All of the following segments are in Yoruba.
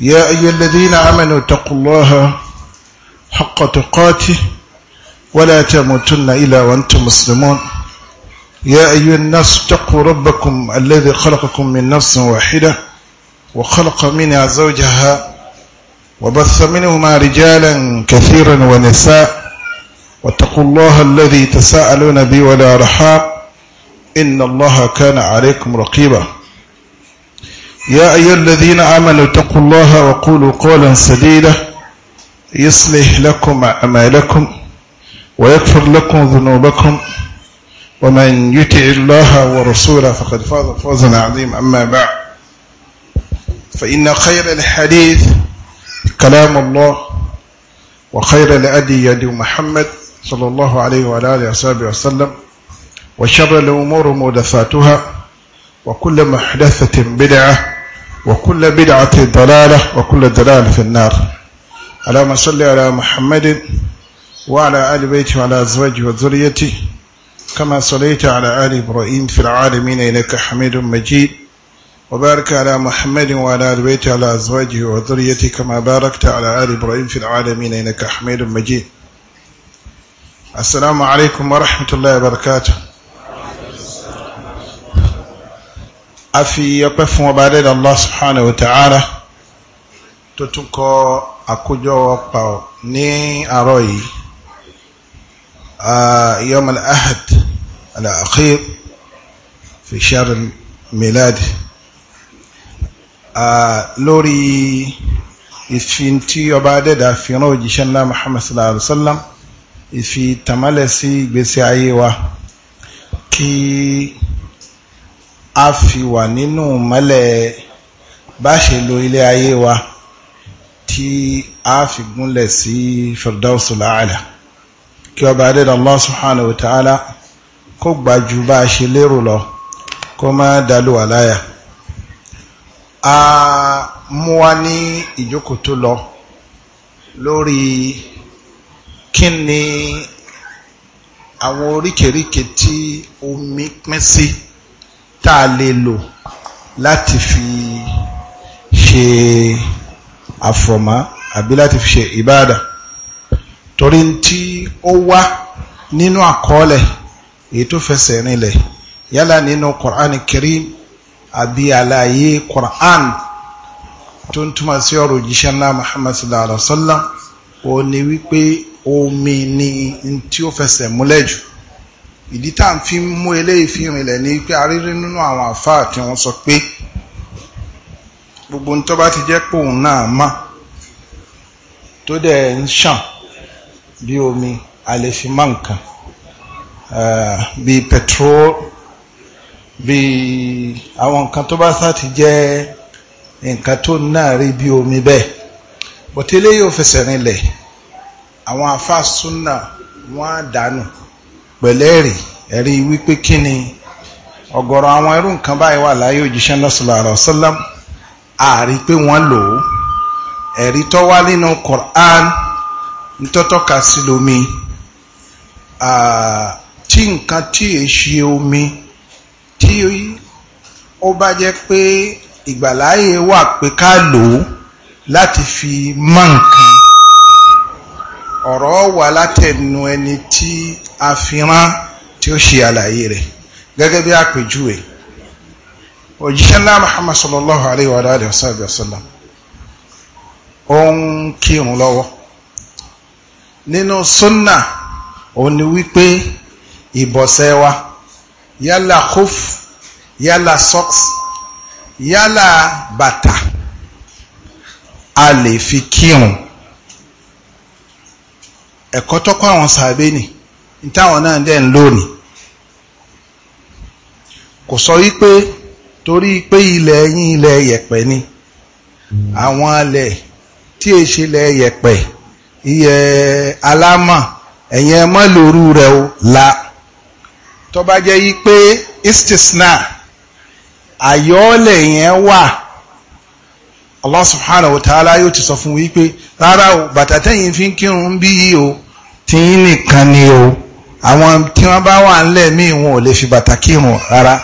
يا أيها الذين آمنوا اتقوا الله حق تقاته ولا تموتن إلا وأنتم مسلمون يا أيها الناس اتقوا ربكم الذي خلقكم من نفس واحدة وخلق منها زوجها وبث منهما رجالا كثيرا ونساء واتقوا الله الذي تساءلون به ولا رحاق إن الله كان عليكم رقيبا يا أيها الذين آمنوا اتقوا الله وقولوا قولا سديدا يصلح لكم أعمالكم ويغفر لكم ذنوبكم ومن يطع الله ورسوله فقد فاز فوزا عظيما أما بعد فإن خير الحديث كلام الله وخير الأدي يد محمد صلى الله عليه وعلى آله وصحبه وسلم وشر الأمور مدفاتها وكل محدثة بدعة وكل بدعة ضلالة وكل ضلالة في النار اللهم صل على محمد وعلى آل بيته وعلى أزواجه وذريته كما صليت على آل إبراهيم في العالمين إنك حميد مجيد وبارك على محمد وعلى آل بيته وعلى أزواجه وذريته كما باركت على آل إبراهيم في العالمين إنك حميد مجيد السلام عليكم ورحمة الله وبركاته a fi ọpẹ́ fún ọba adẹ́dà Allah subhanahu wa ta'ala tó tún kọ àkójọ ọpa ní àárọ̀ yìí ah, yom al-ahad al-akhir fi shahr milad ah, lórí ìfin tí ọba adẹ́dà fi rán òjíṣẹ́ ńlá Muhammad sallallahu ìfi tàmálẹ̀ sí ìgbésí ayé wa kí a fi wà nínú mọ́lẹ̀ bá ilé ayé wa tí a fi gúnlẹ̀ sí firdausul aala kí ọba adẹ́dà Allah subhanahu wa ta'ala kó gbájú bá ṣe lérò lọ kó má dálù àláyà a mú wá ní ìjókòó tó lọ lórí kí ni àwọn oríkèríkè tí omi pín sí. Si tá a lè lò láti fi ṣe àfọ̀mọ́ àbí láti fi ṣe ìbáàdà torí tí ó wá nínú àkọọ́lẹ̀ èyí tó fẹsẹ̀ rinlẹ̀ yálà nínú Qur'an Karim àbí àlàyé Qur'an tó ń túmọ̀ sí ọ̀rọ̀ òjíṣẹ́ ńlá Muhammad sallallahu alaihi wa sallam ó ní wípé omi ni tí ó fẹsẹ̀ múlẹ̀ jù ìdí tá à ń fi mú eléyìí fi rìnlẹ̀ ní pé arírí nínú àwọn àfáà tí wọ́n sọ pé gbogbo tó bá ti jẹ́ pé náà má tó dẹ̀ ń ṣàn bí omi a lè fi má nǹkan eh, bí petrol bí àwọn nǹkan tó bá sá ti jẹ́ nǹkan tó náà rí bí omi bẹ́ẹ̀ bọ̀tẹ́lẹ́ yóò fẹsẹ̀ rinlẹ̀ àwọn àfáà súnà wọ́n á dànù pẹ̀lẹ́rì ẹ̀rí wípé kí ni ọ̀gọ̀rọ̀ àwọn ẹrú nǹkan báyìí wà láyé òjíṣẹ́ náà sallallahu alaihi pé wọ́n lò ó ẹ̀rí tó wá nínú Qur'an nítọ́tọ́ka sí lomi tí nǹkan tí èṣe omi tí ó bá jẹ́ pé ìgbàláyé wà pé ká lò ó láti fi mọ́ nǹkan ọ̀rọ̀ wà látẹnu ẹni tí àfihàn tí ó ṣe àlàyé rẹ̀ gẹ́gẹ́ bí àpèjúwe òjíṣẹ́ ńlá Muhammad sallallahu alayhi wa alayhi wa sallam ó ń kírun lọ́wọ́ nínú sunna òun ni wípé ìbọ̀sẹ̀ wa yálà khuf yálà socks yálà bàtà a lè fi kírun ẹ̀kọ́ tọ́kọ́ àwọn sàbẹ́ ni ìtàwọn náà dẹ̀ ń lónìí kò sọ wípé torí pé ilẹ̀ yín ilẹ̀ yẹ̀pẹ̀ ni àwọn alẹ̀ tí è ṣe ilẹ̀ yẹ̀pẹ̀ iye alámọ̀ ẹ̀yẹn mọ́ lóru rẹ̀ o la tó bá jẹ́ wípé istisna àyọ́ọ̀lẹ̀ yẹn wà Allah subhanahu wa ta'ala yóò ti sọ fún wípé rárá o bàtà tẹ́yìn fi ń kírun bí o tí nìkan ni o àwọn tí wọ́n bá wà ńlẹ̀ míì wọn ò lè fi bàtà kírun rárá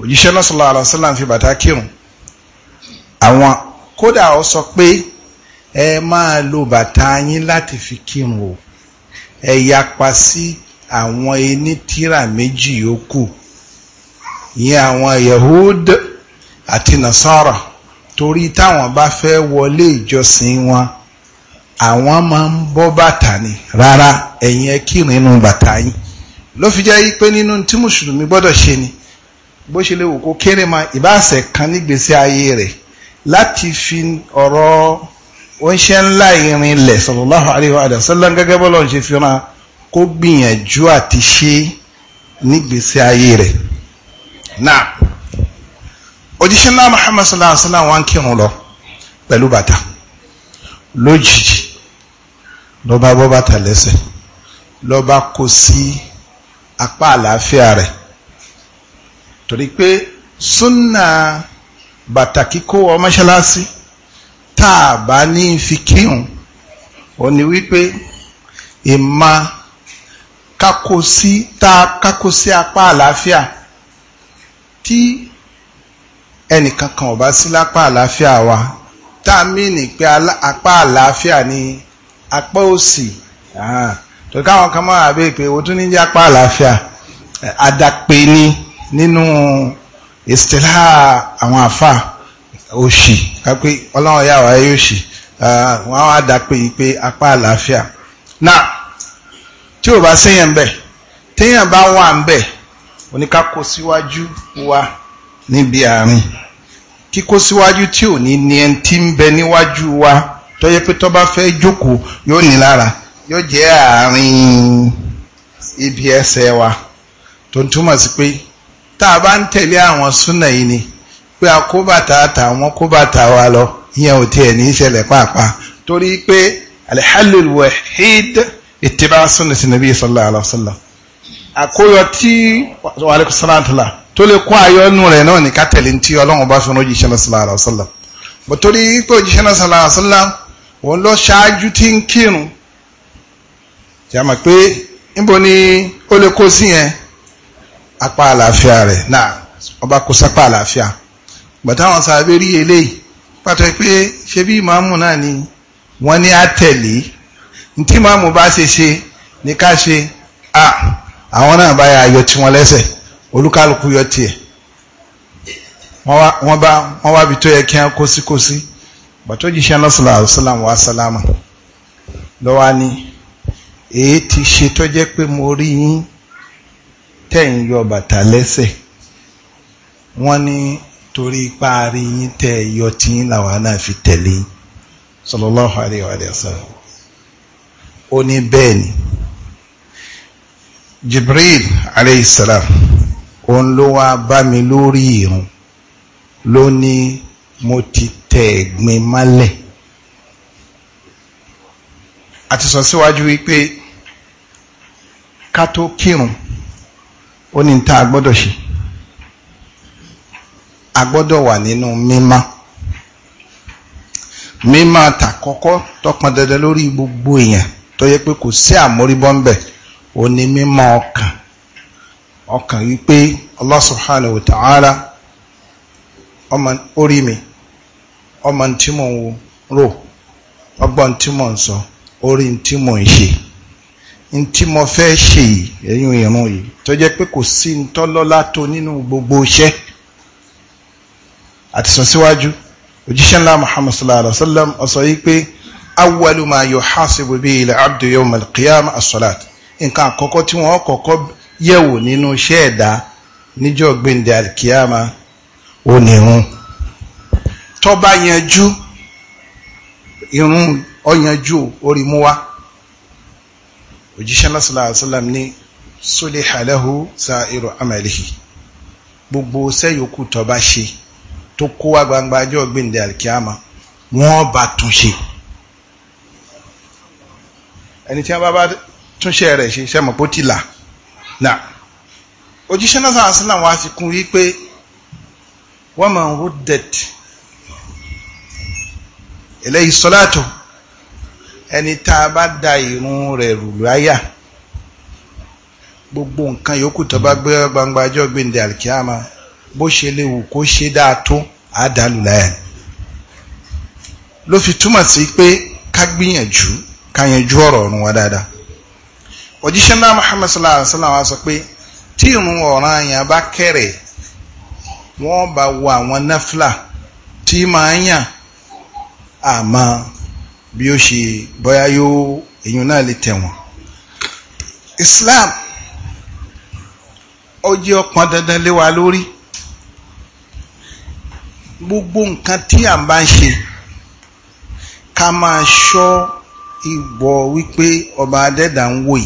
òjíṣẹ́ náà sallallahu alaihi wasallam fi bàtà kírun àwọn kódà ó sọ pé ẹ máa lo bàtà yín láti fi kírun o ẹ yapa sí àwọn ẹni méjì yòókù ìyẹn àwọn Yahud àti Nasara torí táwọn bá fẹ́ wọlé ìjọsìn wọn àwọn máa ń bọ́ bàtà ni rárá ẹ̀yin ẹ kírun inú bàtà yín ló fi jẹ́ pé nínú tí mùsùlùmí gbọ́dọ̀ ṣe ni bó ṣe lè wò kó kéré ma ìbáṣẹ̀ kan nígbèsí ayé rẹ̀ láti fi ọ̀rọ̀ oúnṣẹ́ ńlá ìrìn lẹ̀ sallallahu alaihi wa sallam gẹ́gẹ́ bọ́lọ̀ ń ṣe fi ran kó gbìyànjú àti ṣe nígbèsí ayé rẹ̀ náà òjíṣẹ́ náà Muhammad wá ń kírun lọ pẹ̀lú bàtà lójijì lọ́ba bọ́ bàtà lẹ́sẹ̀ lọ́ba kó sí apá àlàáfíà rẹ̀ torí pé súnà bàtà kíkó wọ mọ́ṣáláṣí tá a bá ní fi kírun ó ní wípé ìmá kákó sí tá a kákó sí apá àlàáfíà tí ẹnìkankan ò bá sí lápá àlàáfíà wa tá a mí ní pé apá àlàáfíà ni apá òsì ah, tó káwọn kan máa àbẹ́ ìpè owó tó ní jẹ́ apá àlàáfíà àdàpè ni nínú ìsìtìlá àwọn àfà òsì kápẹ́ ọlọ́run yà wáyé òsì ah, wọ́n á dàpè ìpè apá àlàáfíà náà tí ò bá séyàn bẹ̀ téèyàn bá wà ń bẹ̀ oníkákó síwájú wa níbi àárín kíkó síwájú tí ò ní ní ẹni tí ń bẹ níwájú wa tó yẹ pé tó bá fẹ́ jókòó yóò ní lára yóò jẹ́ àárín ibi ẹsẹ̀ wa tó ń túmọ̀ sí pé tá a bá ń tẹ̀lé àwọn súnà yìí ni pé a kó bàtà àtàwọn kó bàtà wa lọ ìyẹn ò tiẹ̀ ní ìṣẹ̀lẹ̀ pàápàá torí pé alhalul wahid ittiba sunnati nabi sallallahu alaihi wasallam àkóyọ tí wàlẹ́kùn sọ́nàtìlá tó lè kó àyọ́nù rẹ̀ náà ní ká tẹ̀lé tí ọlọ́run bá fún ojíṣẹ́ náà sallallahu alaihi wasallam bọ̀ torí pé ojíṣẹ́ náà sallallahu alaihi wasallam wọ́n lọ ṣáájú tí ń kírun jàmọ̀ pé níbo ni ó lè kó sí yẹn apá àlàáfíà rẹ̀ náà ọba kó sápá àlàáfíà gbọ̀tá wọn sàbẹ̀ rí eléyìí pàtó pé ṣé bí ìmáàmù náà ni wọ́n ní àtẹ̀lé ntí ìmáàmù bá ṣe ṣe ní ká ṣe à àwọn náà bá yà yọ tí wọ́n lẹ́sẹ̀ olúkálùkù yọ tiẹ̀ wọ́n wá bí tó yẹ kí wọ́n kó sí kó sí bàtó jíṣẹ́ lọ́sọ̀lá àṣọlá wa sálámà lọ́wọ́ ni èyí ti ṣe tó jẹ́ pé mo rí yín tẹ̀yìn yọ bàtà lẹ́sẹ̀ wọ́n ní torí ipá rí yín tẹ̀ yọ tiyín làwọn náà fi tẹ̀lé yín sallallahu alaihi wa sallam ó ní bẹ́ẹ̀ ni Jibril alayhi salam òun ló wá bá mi lórí ìrun ló ní mo ti tẹ ẹ̀gbin mọ́lẹ̀ a ti sọ síwájú wípé ká tó kírun ó ní tá a ṣe wà nínú mímá mímá tọpọn dandan lórí gbogbo èèyàn tó yẹ pé kò sí àmóríbọ́ ń bẹ̀ ó ní mímá ọkàn ọkàn wípé Allah ọmọ tí mò ń rò ọgbọ́n tí mò ń sọ orí tí mò ń ṣe tí mo fẹ́ ṣe yìí ẹ̀yìn ìrún yìí tó jẹ́ pé kò sí ntọ́lọ́lá tó nínú gbogbo iṣẹ́ àti síwájú òjíṣẹ́ ńlá muhammad sallallahu alaihi wa sallam ọ̀sọ̀ yìí pé awwalu ma yuhasibu bihi al-abdu yawm al-qiyama as-salat nǹkan àkọ́kọ́ tí wọ́n kọ́kọ́ yẹ̀wò nínú iṣẹ́ ẹ̀dá níjọ́ gbẹ̀ndẹ̀ al ò ní rún tó bá yanjú irun ọ̀yanjú orí mú wá òjíṣẹ́ lásìlá àṣìlám ní suliha lahu sa'iru amalihi gbogbo sẹ́yòkù tó bá ṣe tó kó wá gbangba ajọ́ gbìndẹ̀ alkiyama wọ́n bá túnṣe ẹni tí wọ́n bá bá túnṣe rẹ̀ ṣe sẹ́mọ̀ pó tìlà náà òjíṣẹ́ lásìlá wá sí kún wípé wa man ruddat eléyìí sọ́látò ẹni tá a bá da ìrun rẹ̀ rù láyà gbogbo nǹkan yòókù tó bá gbé gbangba ọjọ́ gbẹ̀ndẹ̀ àlìkíyàmá bó ṣe léwu kó ṣe dáa tó àádálù láyà ló fi túmọ̀ sí pé ká gbìyànjú ká yanjú ọ̀rọ̀ ọ̀run wa dáadáa òjíṣẹ́ náà Muhammad sallallahu alaihi wa sallam wa sọ pé tí ìrun ọ̀ràn àyàn bá kéré wọ́n bá wo àwọn náfìlà tí màá yàn àmọ́ bí ó ṣe bóyá yóò èyàn náà lè tẹ̀wọ̀n Islam ó jẹ́ ọpọn dandan lé wa lórí gbogbo nǹkan tí à ń bá ń ṣe ká máa ṣọ́ ìwọ̀ wípé ọba adẹ́dà ń wò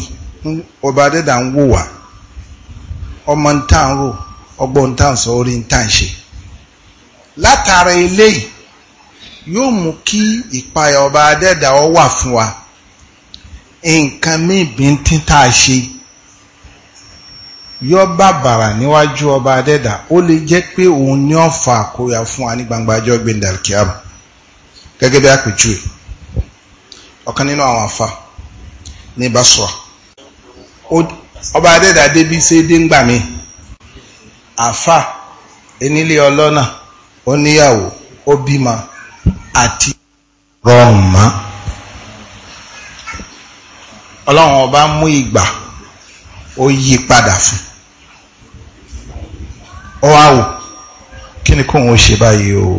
ọba adẹ́dà ń wò wá ọmọ ń tàn rò ọgbọ́n ń tàn sọ orí ń tàn ṣe látara eléyìí yóò mú kí ìpayà ọba adẹ́dà ọ wà fún wa nǹkan míì bíntín tá a ṣe yọ bàbàrà níwájú ọba adẹ́dà ó lè jẹ́ pé òun ní ọ̀fà àkóyà fún wa ní gbangba ọjọ́ gbẹ̀ndàkíyàmù gẹ́gẹ́ bí àpèjúwe ọ̀kan nínú àwọn afa ní Basra ọba adẹ́dà débi ṣe dé ńgbà mi afa enílé ọlọ́nà oníyàwó ó bímọ àti rọrùn mọ́ ọlọ́run ọba mú ìgbà ó yí padà fún ọ wá wò kí ni kóun ó ṣe báyìí o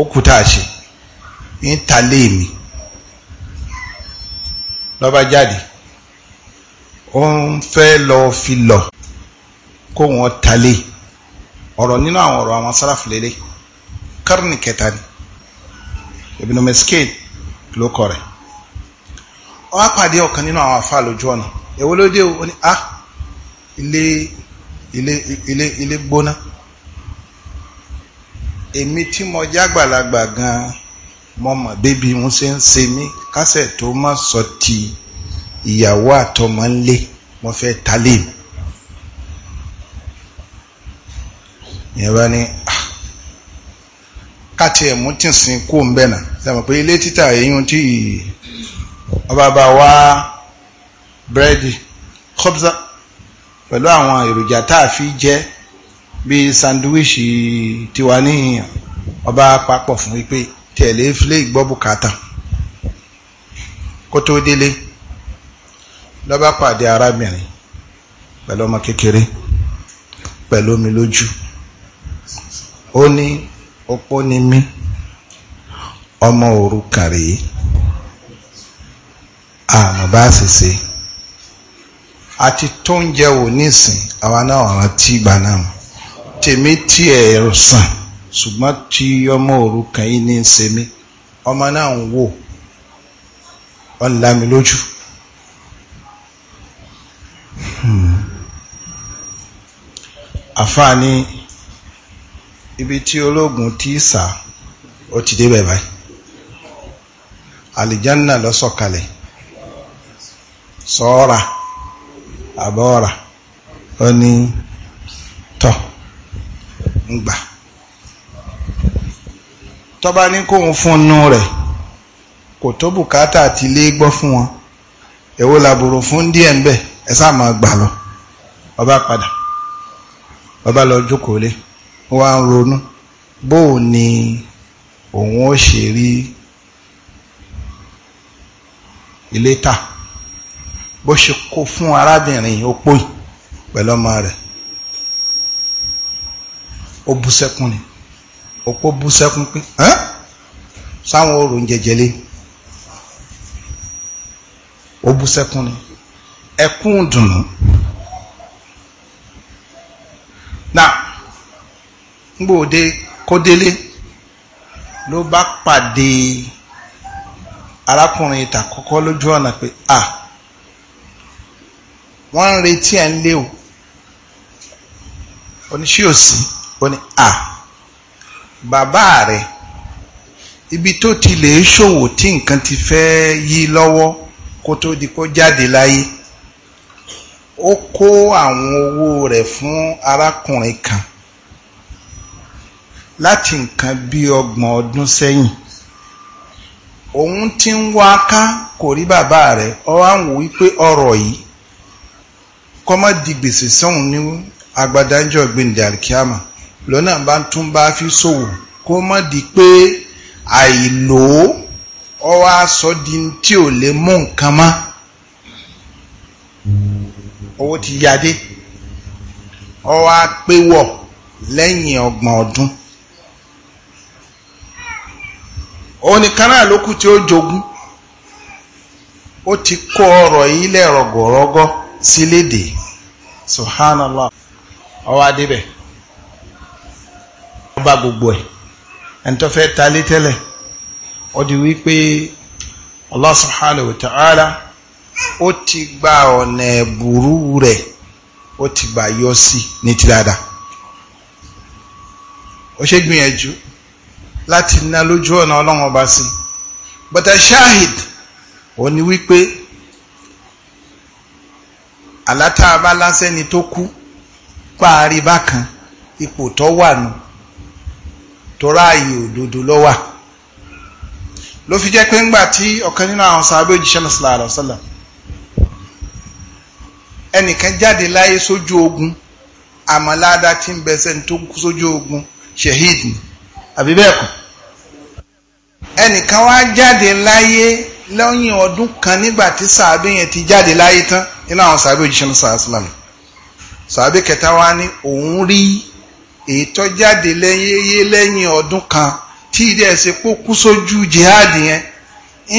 ó kú tá a ṣe ń ta léèmí lọ́ba jáde ó ń fẹ́ lọ fi lọ kóun ó ta léè ọ̀rọ̀ nínú àwọn ọ̀rọ̀ àwọn sáràfù lélẹ̀ kárìnì kẹta ni Ibn Maskin ló kọ rẹ̀ ọ á pàdé ọ̀kan nínú àwọn àfáà lójú ọ̀nà èwo ló dé o ní a ah, ilé ilé ilé ilé gbóná èmi tí mo jágbàlagbà gan-an mo mọ̀ bébí mo ṣe ń ṣe mí kásẹ̀ tó má sọ ti ìyàwó àtọmọ ńlé mo fẹ́ talé mi ìyẹn bá ní ah, káàtì ẹ̀mú tí ń sin kó ń bẹ̀nà sẹ́mọ̀ pé ilé títà èyí tí ọba bá wá búrẹ́dì kọ́bùsà pẹ̀lú àwọn èròjà tá a fi jẹ bí sandiwíṣì tiwa níhìn ọba papọ̀ fún wípé tẹ̀lé filé ìgbọ́ bùkátà kó tó délé lọ́ba pàdé arábìnrin pẹ̀lú ọmọ kékeré pẹ̀lú omi lójú ó ní opó ni mí ọmọ òrukàn rèé àmọ́ bá sì ṣe àti tó ń jẹ wò nísìn àwa náà àwọn tí ìgbà náà tèmi tí ẹ̀ sàn ṣùgbọ́n tí ọmọ òrukàn yìí ní í ṣe mí ọmọ náà ń wò ó ń là mí lójú. Hmm. àfáà ni ibi tí ológun ti sà ó ti dé bẹ̀bẹ̀ àlìjánà lọ sọ̀kalẹ̀ sọ́ọ̀rà àbọ̀ọ̀rà ó ní tọ̀ ń gbà tọ́ba ní kóun fún nú rẹ̀ kò tó bùkátà àti lé gbọ́ fún wọn èwo làbùrù fún díẹ̀ ń bẹ̀ ẹ sáà máa gbà lọ ọba padà ọba lọ jókòó lé. wá ń ronú bóò ni òun ó ṣe rí ilé tà bó ṣe kó fún arábìnrin opó yìí pẹ̀lú ọmọ rẹ̀ ó bú sẹ́kún ni opó bú sẹ́kún pé sáwọn oòrùn jẹjẹlé ó bú sẹ́kún ni ẹkún dùnú. ngbò dé kó délé ló bá pàdé arákùnrin ìta kọ́kọ́ lójú ọ̀nà pé à wọ́n ń retí ẹ̀ ń lé o oníṣẹ́ òsì ó ní à bàbá rẹ̀ ibi tó ti lè ṣòwò tí nǹkan ti fẹ́ yí lọ́wọ́ kó tó di kó jáde láyé ó kó àwọn owó rẹ̀ fún arákùnrin kan láti nǹkan bí ọgbọ̀n ọdún sẹ́yìn òun ti ń wá ká kò rí bàbá rẹ̀ ọ wá ń wò wípé ọ̀rọ̀ yìí kọ́ má di gbèsè sóhun ní agbadájọ́ gbẹ̀ndẹ̀ àríkíámà lọ́nà bá tún bá fi ṣòwò kó má di pé àìlò ọ wá sọ di tí ò lè mú nǹkan mọ́ owó ti yadé ọ wá pé wọ̀ lẹ́yìn ọgbọ̀n ọdún. òun ni náà ló kù tí ó jogún ó ti kó ọ̀rọ̀ yìí lẹ̀ sílédè subhanallah ọwọ́ adébẹ̀ ọba gbogbo ẹ̀ ẹni di wípé subhanahu wa ó ti gba ọ̀nà ẹ̀bùrú rẹ̀ ó ti gbà yọ sí ní ó ṣe gbìyànjú láti ná lójú ọ̀nà ọlọ́run ọba sí bọ́tà shahid ò ní wípé àlátàbá lásẹ́ni tó kú páàrí bákan ipò tó wà nù torá ààyè òdodo ló wà ló fi jẹ́ pé ńgbà tí ọ̀kan nínú àwọn sábẹ́ òjíṣẹ́ náà sallallahu ẹnìkan jáde láyé sójú ogun àmọ́ tí ń bẹ sẹ́ni tó kú sójú ogun shahid ni àbí bẹ́ẹ̀ kọ́ ẹnìkan wá jáde láyé lẹ́yìn ọdún kan nígbà tí sàábé yẹn ti jáde láyé tán nínú àwọn sàábé òjíṣẹ́ náà sàásìlámù sàábé kẹta wá ní òun rí ètò jáde lẹ́yìn lẹ́yìn ọdún kan tí ìdí ẹ̀sẹ̀ pọ̀ kú sójú jihad yẹn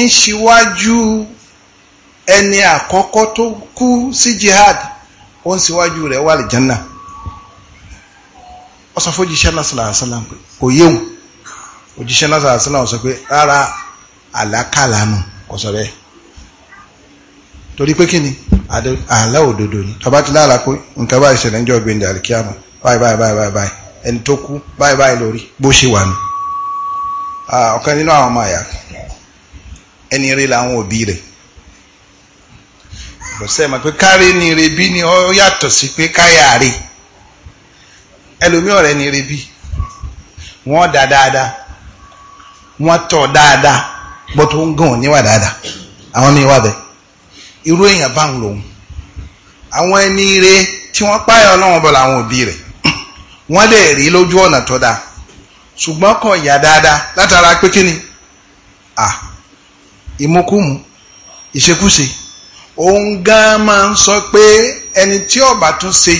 ń ṣíwájú ẹni àkọ́kọ́ tó kú sí jihad ó ń ṣíwájú rẹ̀ wà lè jẹ́nà ó sọ fójíṣẹ́ lásìláàsílám pé kò yéhùn òjíṣẹ́ lásìláàsílám sọ pé rárá àlákàlà nù kò sọ bẹ́ẹ̀ torí pé kí ni àlá òdodo ni tọba ti lára pé nǹkan báyìí ṣẹlẹ̀ níjọ́ ìgbéǹde àríkíàmù báyìí báyìí báyìí báyìí ẹni tó kú báyìí báyìí lórí bó ṣe wà nù ọ̀kan nínú àwọn ọmọ àyà ẹni rí làwọn òbí rẹ̀ kò sẹ́ẹ̀ mọ̀ pé kárí ni ire bí ni ó yàtọ̀ sí pé káyà rí. ẹlòmí ọ̀rẹ́ ni rebi wọ́n da dáadáa wọ́n tọ dáadáa bọ́ tó níwà dáadáa àwọn míì wà irú èèyàn bá ń lòun àwọn ẹni ire tí wọ́n páyọ̀ ọlọ́run bọ̀ làwọn òbí rẹ wọn lè rí lójú ọ̀nà tó ṣùgbọ́n yà sọ pé ẹni tí ọba tún ṣe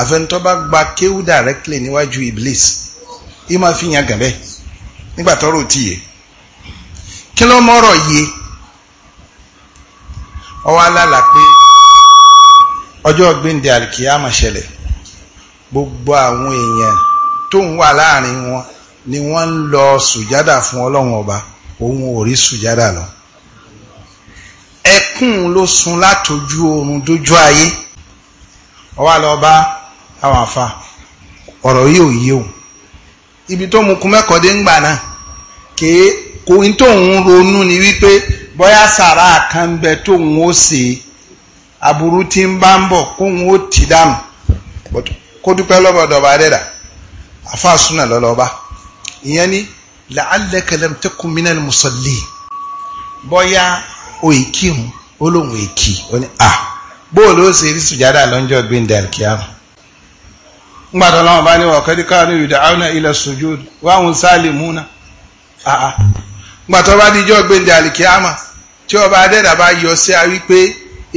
àfẹnutọ́ bá gba kéwú directly níwájú iblis yìí máa fi yàn gànbẹ́ nígbà tọ́rọ ò tíye kí ló mọ́rọ̀ yé ọwọ́ alálà pé ọjọ́ gbẹ̀ndẹ̀ alikiyama ṣẹlẹ̀ gbogbo àwọn èèyàn tó ń wà láàrin wọn ni wọ́n ń lọ sùjádà fún ọlọ́run ọba òun ò rí sùjádà lọ ẹkún ló sun látojú oorun dójú ayé ọwọ́ alọ́ba àwọn àfa ọ̀rọ̀ yìí ò yé o ibi tó mu kú mẹ́kọ̀ọ́ dé ń gbà náà kéé kò ní tóun ronú ni wípé bóyá sàrà kan ń bẹ tóun ó ṣe aburú tí ń bá ń bọ̀ kóun ó tì dànù kó dúpẹ́ lọ́bọ̀dọ̀ bá dẹ́dà àfa súnà lọ́lọ́ba ìyẹn ni la'allaka lam takun minal musallin bóyá òyìnkì hùn ó lóun èkì ó ní à bóòlù ó ṣe rí sùjádà lọ́jọ́ gbẹ̀ndẹ̀ àkíyàmù ngbàtà láwọn bá ní ọ̀kẹ́dí káàánú yud'auna ila sujud wáhùn salimuna àà ngbàtà bá díjọ́ gbéǹdé àlìkíámà tí ọba adẹ́dà bá yọ sí a wípé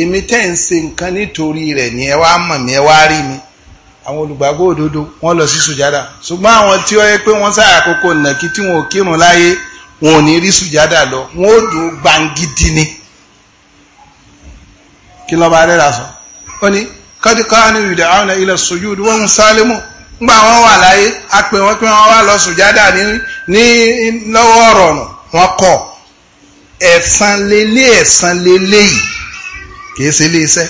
èmi tẹ́ ń ṣe nǹkan nítorí rẹ̀ ni ẹ wá mọ̀ mí ẹ wá rí mi àwọn olùgbàgbọ́ òdodo wọ́n lọ sí sùjádà ṣùgbọ́n àwọn tí ó yẹ pé wọ́n sáà àkókò nàkí tí wọn ò kírun láyé wọn ò ní rí sùjádà lọ wọn ò dùn gbangidi ni kí lọ́ba adẹ́dà sọ ó ní kọ́dí kọ́ánù yud'auna ila sujud wọ́n ń sálẹ́mù ńgbà wọ́n wà láyé a lọ ní lọ́wọ́ ọ̀rọ̀ ọ̀nà wọn kọ̀ ẹ̀san lélé ẹ̀san lélé yìí kìí ṣe ilé iṣẹ́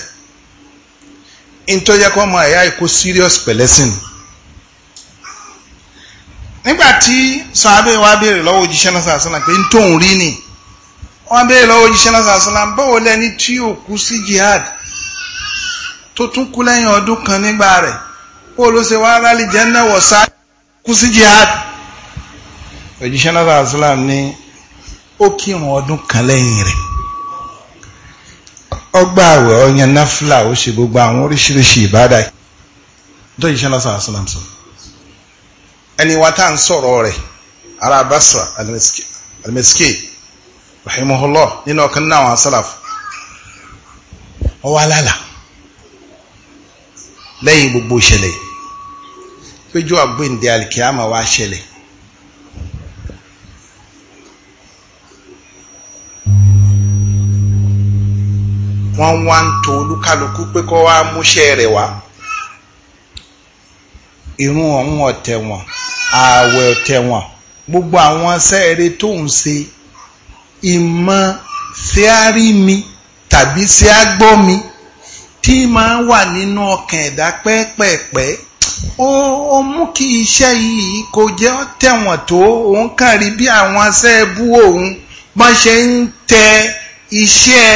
nítorí kọ́ ẹ̀yà ìkó serious pẹ̀lẹ́sìn nígbà tí sàbẹ̀ wa béèrè lọ́wọ́ òjíṣẹ́ náà pé rí ni wọ́n béèrè lọ́wọ́ òjíṣẹ́ náà tí jihad tó tún kú lẹ́yìn ọdún kan nígbà rẹ̀ kó ṣe wá rálì jẹ́nà wọ̀sá kú sí jihad òjíṣẹ́ náà sàásùlám ní ó kírun ọdún kan lẹ́yìn rẹ̀ ọgbà àwẹ̀ ọyàn náfìlà ó ṣe gbogbo àwọn oríṣiríṣi ìbádà tó yìí ṣẹlá sàásùlám sọ ẹni wa tá à ń sọ̀rọ̀ rẹ̀ ara Basra al rahimahullah nínú ọ̀kan náà àwọn asálàfù ọwọ́ alálàá lẹ́yìn gbogbo ìṣẹ̀lẹ̀ péjú àgbéǹde alìkíyàmà wá ṣẹlẹ̀ wọ́n wá ń to olúkálukú pé kó wá múṣẹ́ rẹ̀ wá irun ọ̀hún ọ̀tẹ̀ wọn ààwẹ̀ ọ̀tẹ̀ wọn gbogbo àwọn sẹ́ẹ̀rẹ̀ tó ń ṣe ìmọ̀ sí mi tàbí sí á mi tí máa ń wà nínú ọkàn ẹ̀dá pẹ́ẹ́pẹ́ẹ́pẹ́ ó mú kí iṣẹ́ yìí kò jẹ́ tẹ̀wọ̀n tó òun kàrí bí àwọn aṣẹ́bú òun bá ṣe ń tẹ iṣẹ́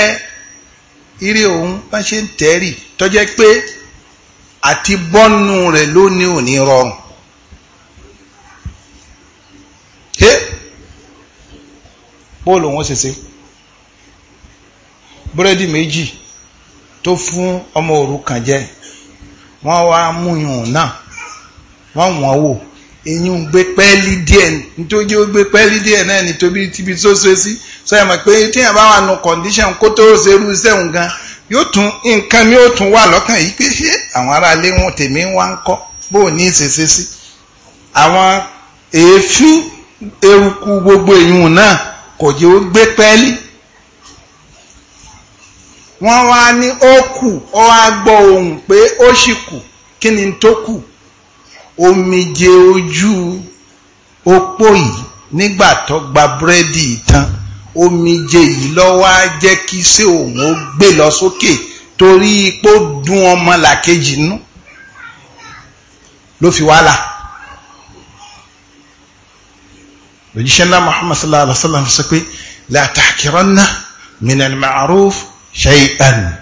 eré òun bá ṣe ń tẹ́rì tó jẹ́ pé àti bọ́nù rẹ̀ lónìí ò rọrùn. bóòlù òun ṣe ṣe búrẹ́dì méjì tó fún ọmọ òrukàn jẹ wọ́n wá múyùn náà wọ́n wọ́n wò èyí ń gbé pẹ́ẹ́lí díẹ̀ nítorí ó gbé pẹ́ẹ́lí díẹ̀ náà ní tóbi tíbi tó ṣe sí sọ ẹ̀ mọ̀ pé téèyàn bá wà nù kọ̀ǹdíṣàn kó tó ṣe irú iṣẹ́ òun gan yóò tún nǹkan mi ó tún wà lọ́kàn yìí pé ṣé àwọn aráalé wọn tèmi wá ń kọ́ gbogbo náà kò jẹ́ wọ́n wá ní ó kù ó wá gbọ́ ohùn pé ó sì kù kí ni tó kù omijé ojú opó yìí nígbà tó gba búrẹ́dì tán omijé yìí ló wá jẹ́ kí ṣé òun ó gbé lọ sókè torí pó dùn ọmọ làkejì nú ló fi wàhálà lójíṣẹ́ ńlá Muhammad sallallahu alaihi wa sallam sọ pé la tahkiranna min al shay'an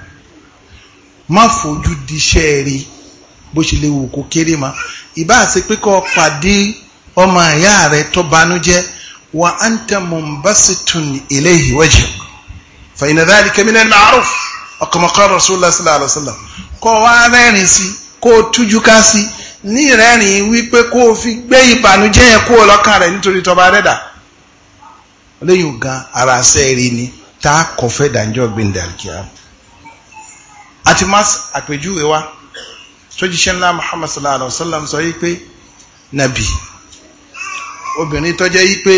má fojú diṣẹ́ rí bó ṣe lè wù kó kéré ma ìbá ṣe pé kó pàdé ọmọ ìyá rẹ tó banújẹ́ wa anta munbasitun ilayhi wajhuk fa inna dhalika min al-ma'ruf ọkọ̀mọ̀kọ́ rasulullah sallallahu alaihi wasallam kó wá rẹ́rìn sí kó tújú ká sí ní ìrẹ́rìn wípé kó fi gbé ìbànújẹ́ yẹn kó lọ́kàn rẹ̀ nítorí tọba rẹ̀ dà lẹ́yìn gan ara ṣẹ́ẹ̀rí ni tá a kọ fẹ́ dànjọ́ gbẹ̀ndàkíá àti mas àpèjúwe wa sójíṣẹ́ ńlá muhammad sallallahu alaihi wa sallam sọ yìí pé nàbì obìnrin tó jẹ́ yìí pé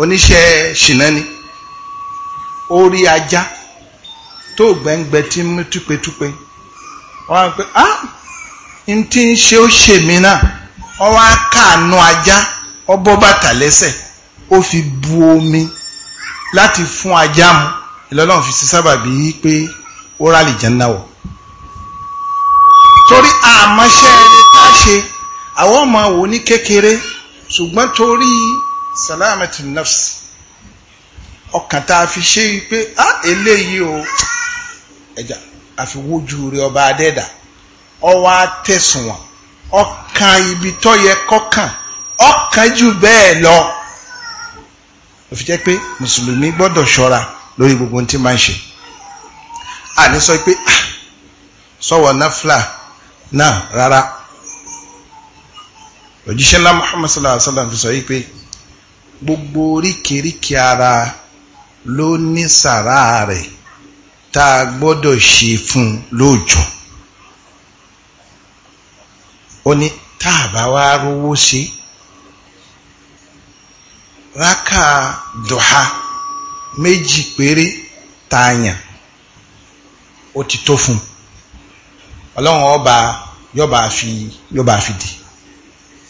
oníṣẹ́ ó rí ajá tó gbẹ̀ngbẹ̀ tí ń túpetúpe wọ́n á pé ah n tí ń ṣe ó ṣèmí náà wọ́n wá káànú ajá ọbọ̀ bàtà lẹ́sẹ̀ ó fi bu omi láti fún ajá mu ìlọ́lọ́run fi sí sábàbí pé ó rálì jẹ́nà wọ̀ torí àmọ́ṣẹ́ ẹni tá a ṣe àwọn ọmọ wò ní kékeré ṣùgbọ́n torí salamatu nafsi ọkàn tá a fi ṣe pé á ah, eléyìí o ẹja àfi wójú rẹ ọba adẹ́dà ọwọ́ àtẹ̀sùn wọn ọkàn ibi tó yẹ kọ́kàn ọkàn jù bẹ́ẹ̀ lọ òfi jẹ́ pé mùsùlùmí gbọ́dọ̀ ṣọ́ra lórí gbogbo tí máa ń ṣe à ní sọ pé ah, sọ́wọ́ náfìlà náà rárá òjíṣẹ́ ńlá Muhammad sallallahu alaihi wa sallam fi sọ wípé gbogbo oríkèéríkè ara ló ní sàrá rẹ̀ tá a gbọ́dọ̀ ṣe fún lóòjọ́ ó ní tá a bá wá rówó ṣe. Raka dùhà méjì péré tààyàn ó ti tó fún ọlọ́run ọba yọba fi yọba fi dì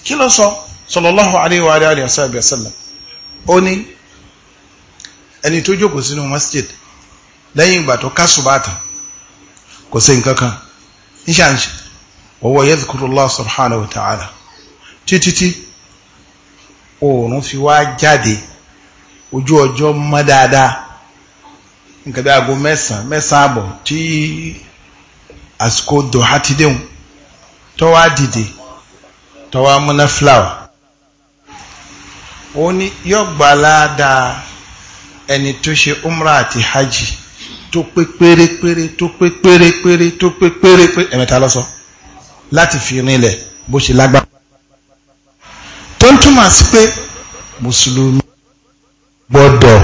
kí ló sọ sallallahu alayhi wa alayhi wa sallam ó ní ẹni tó jókòó sínú masjid lẹ́yìn ìgbà tó kásùbátà kò sí nǹkankan níṣàǹṣì wa huwa yadhkuru Allah subhanahu wa ta'ala títítí oòrùn fi wá jáde ojú ọjọ́ mọ́ dáadáa nǹkan bí aago mẹ́sàn-án mẹ́sàn-án àbọ̀ tí àsìkò dọ̀há ti déhùn tọ́wá dìde tọ́wá múná fúláwà ó ní yóò gbà ládàá ẹni tó ṣe umra àti hajj tó pé pérépéré tó pé pérépéré tó pé pérépéré ẹ̀mẹ́ta lọ́sọ láti fi rinlẹ̀ bó ṣe lágbára tó ń túmọ̀ sí pé mùsùlùmí gbọ́dọ̀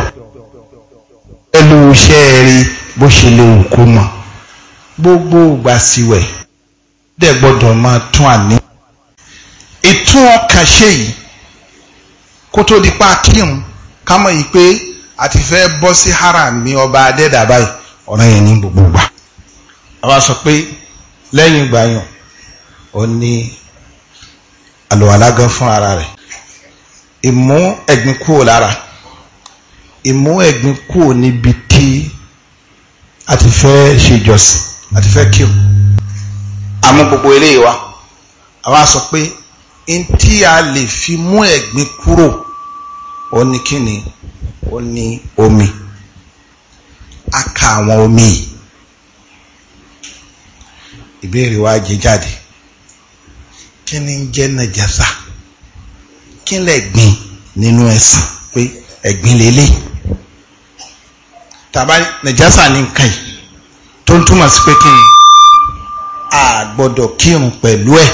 ẹlú iṣẹ́ rí bó ṣe lè kó mọ̀ gbogbo ìgbà síwẹ̀ dẹ̀ gbọ́dọ̀ máa tún àní. ìtún ọkàn ṣe yìí kó tó di pa kírun ká mọ̀ yìí pé àti fẹ́ bọ́ sí haram mi ọba adẹ́dà báyìí ọ̀ràn yẹn ní gbogbo gbà. àwa sọ pé lẹ́yìn ìgbà yàn ó ní àlùwàlá gan fún ara rẹ̀ ìmú ẹ̀gbin kúrò lára ìmú ẹ̀gbin kúrò níbi tí a ti fẹ́ ṣe ìjọsìn a ti fẹ́ kí o àmọ́ gbogbo eléyìí wa àwa sọ pé n tí a lè fi mú ẹ̀gbin kúrò ó ní kíni ó ní omi a ka àwọn omi yìí ìbéèrè wa jẹ jáde kí ni ń jẹ́ nàjàsà kí lè gbìn nínú ẹ̀sìn pé ẹ̀gbìn lélẹ̀ tàbá nàjàsà ní nǹkan yìí tó ń túmọ̀ sí pé kí ni a gbọ́dọ̀ kírun pẹ̀lú ẹ̀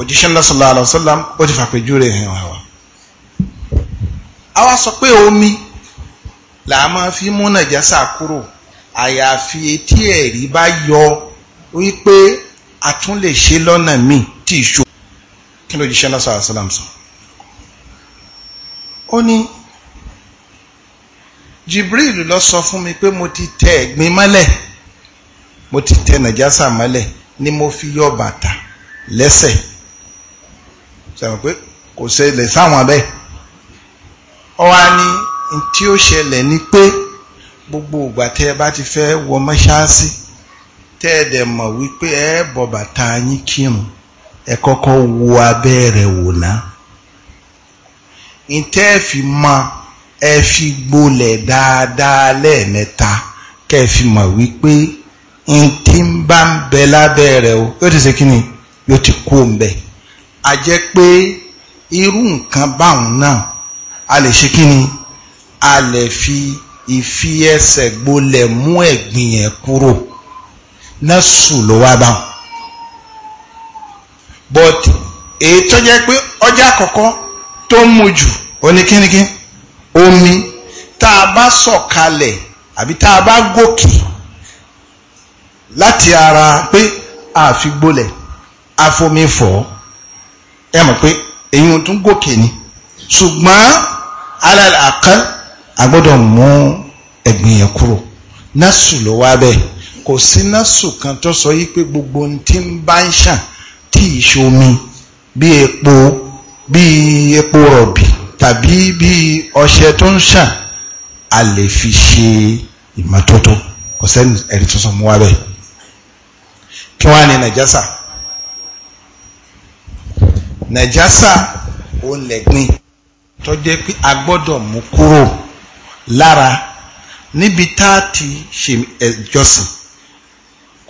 òjíṣẹ́ ńlá sallallahu alaihi wasallam ó ti fàpèjúre hàn wá àwa sọ pé omi là á máa fi mú nàjàsà kúrò àyàfi etí ẹ̀rí bá yọ wípé a tún lè ṣe lọ́nà míì tí ìṣó kí ló jíṣẹ́ lásà àṣàlámsọ ó ní Jibril lọ sọ fún mi pé mo ti tẹ ẹ̀gbin mọ́lẹ̀ mo ti tẹ nàjásà mọ́lẹ̀ ni mo fi yọ bàtà lẹ́sẹ̀ sọ̀rọ̀ pé kò ṣẹlẹ̀ sáwọn abẹ́ ọ wá ní tí ó ṣẹlẹ̀ ni pé gbogbo ìgbà tẹ́ ẹ bá ti fẹ́ wọ mọ́ṣáláṣí tẹ́ẹ̀dẹ̀ mọ̀ wípé ẹ bọ̀ bàtà yín kírun ẹ kọ́kọ́ wo wò ná ẹ fi mọ ẹ fi gbolẹ̀ dáadáa lẹ́ẹ̀mẹ́ta kẹ́ ẹ fi mọ̀ wípé ntí ń bá ń bẹ lábẹ́ o yóò ti ṣe kí ni yóò ti násù ló wá bá wọn but èyí tó jẹ́ pé ọjà àkọ́kọ́ tó ń mu jù oníkíníkí omi tá a bá sọ̀kalẹ̀ àbí tá a bá gòkè láti ara pé àfigbolẹ̀ afomifọ̀ ẹ mọ̀ pé èyí ò tún gòkè ni ṣùgbọ́n alẹ́ àkàn mú ẹ̀gbìn yẹn kúrò násù ló wá bẹ́ẹ̀ kò sí násù kan tó sọ yí pé gbogbo ohun tí ń bá ń ṣàn tí ìṣomi bí epo bí epo rọ̀bì tàbí bí ọṣẹ tó ń ṣàn a lè fi ṣe ìmọ́tótó kò sẹ́ni ẹ̀rí tó mú wa bẹ́ẹ̀ kí wọ́n á ní nàìjásà nàìjásà ó lẹ̀gbin tó jẹ́ pé a gbọ́dọ̀ mú kúrò lára níbi tá a ti ṣe ẹ̀jọ́sìn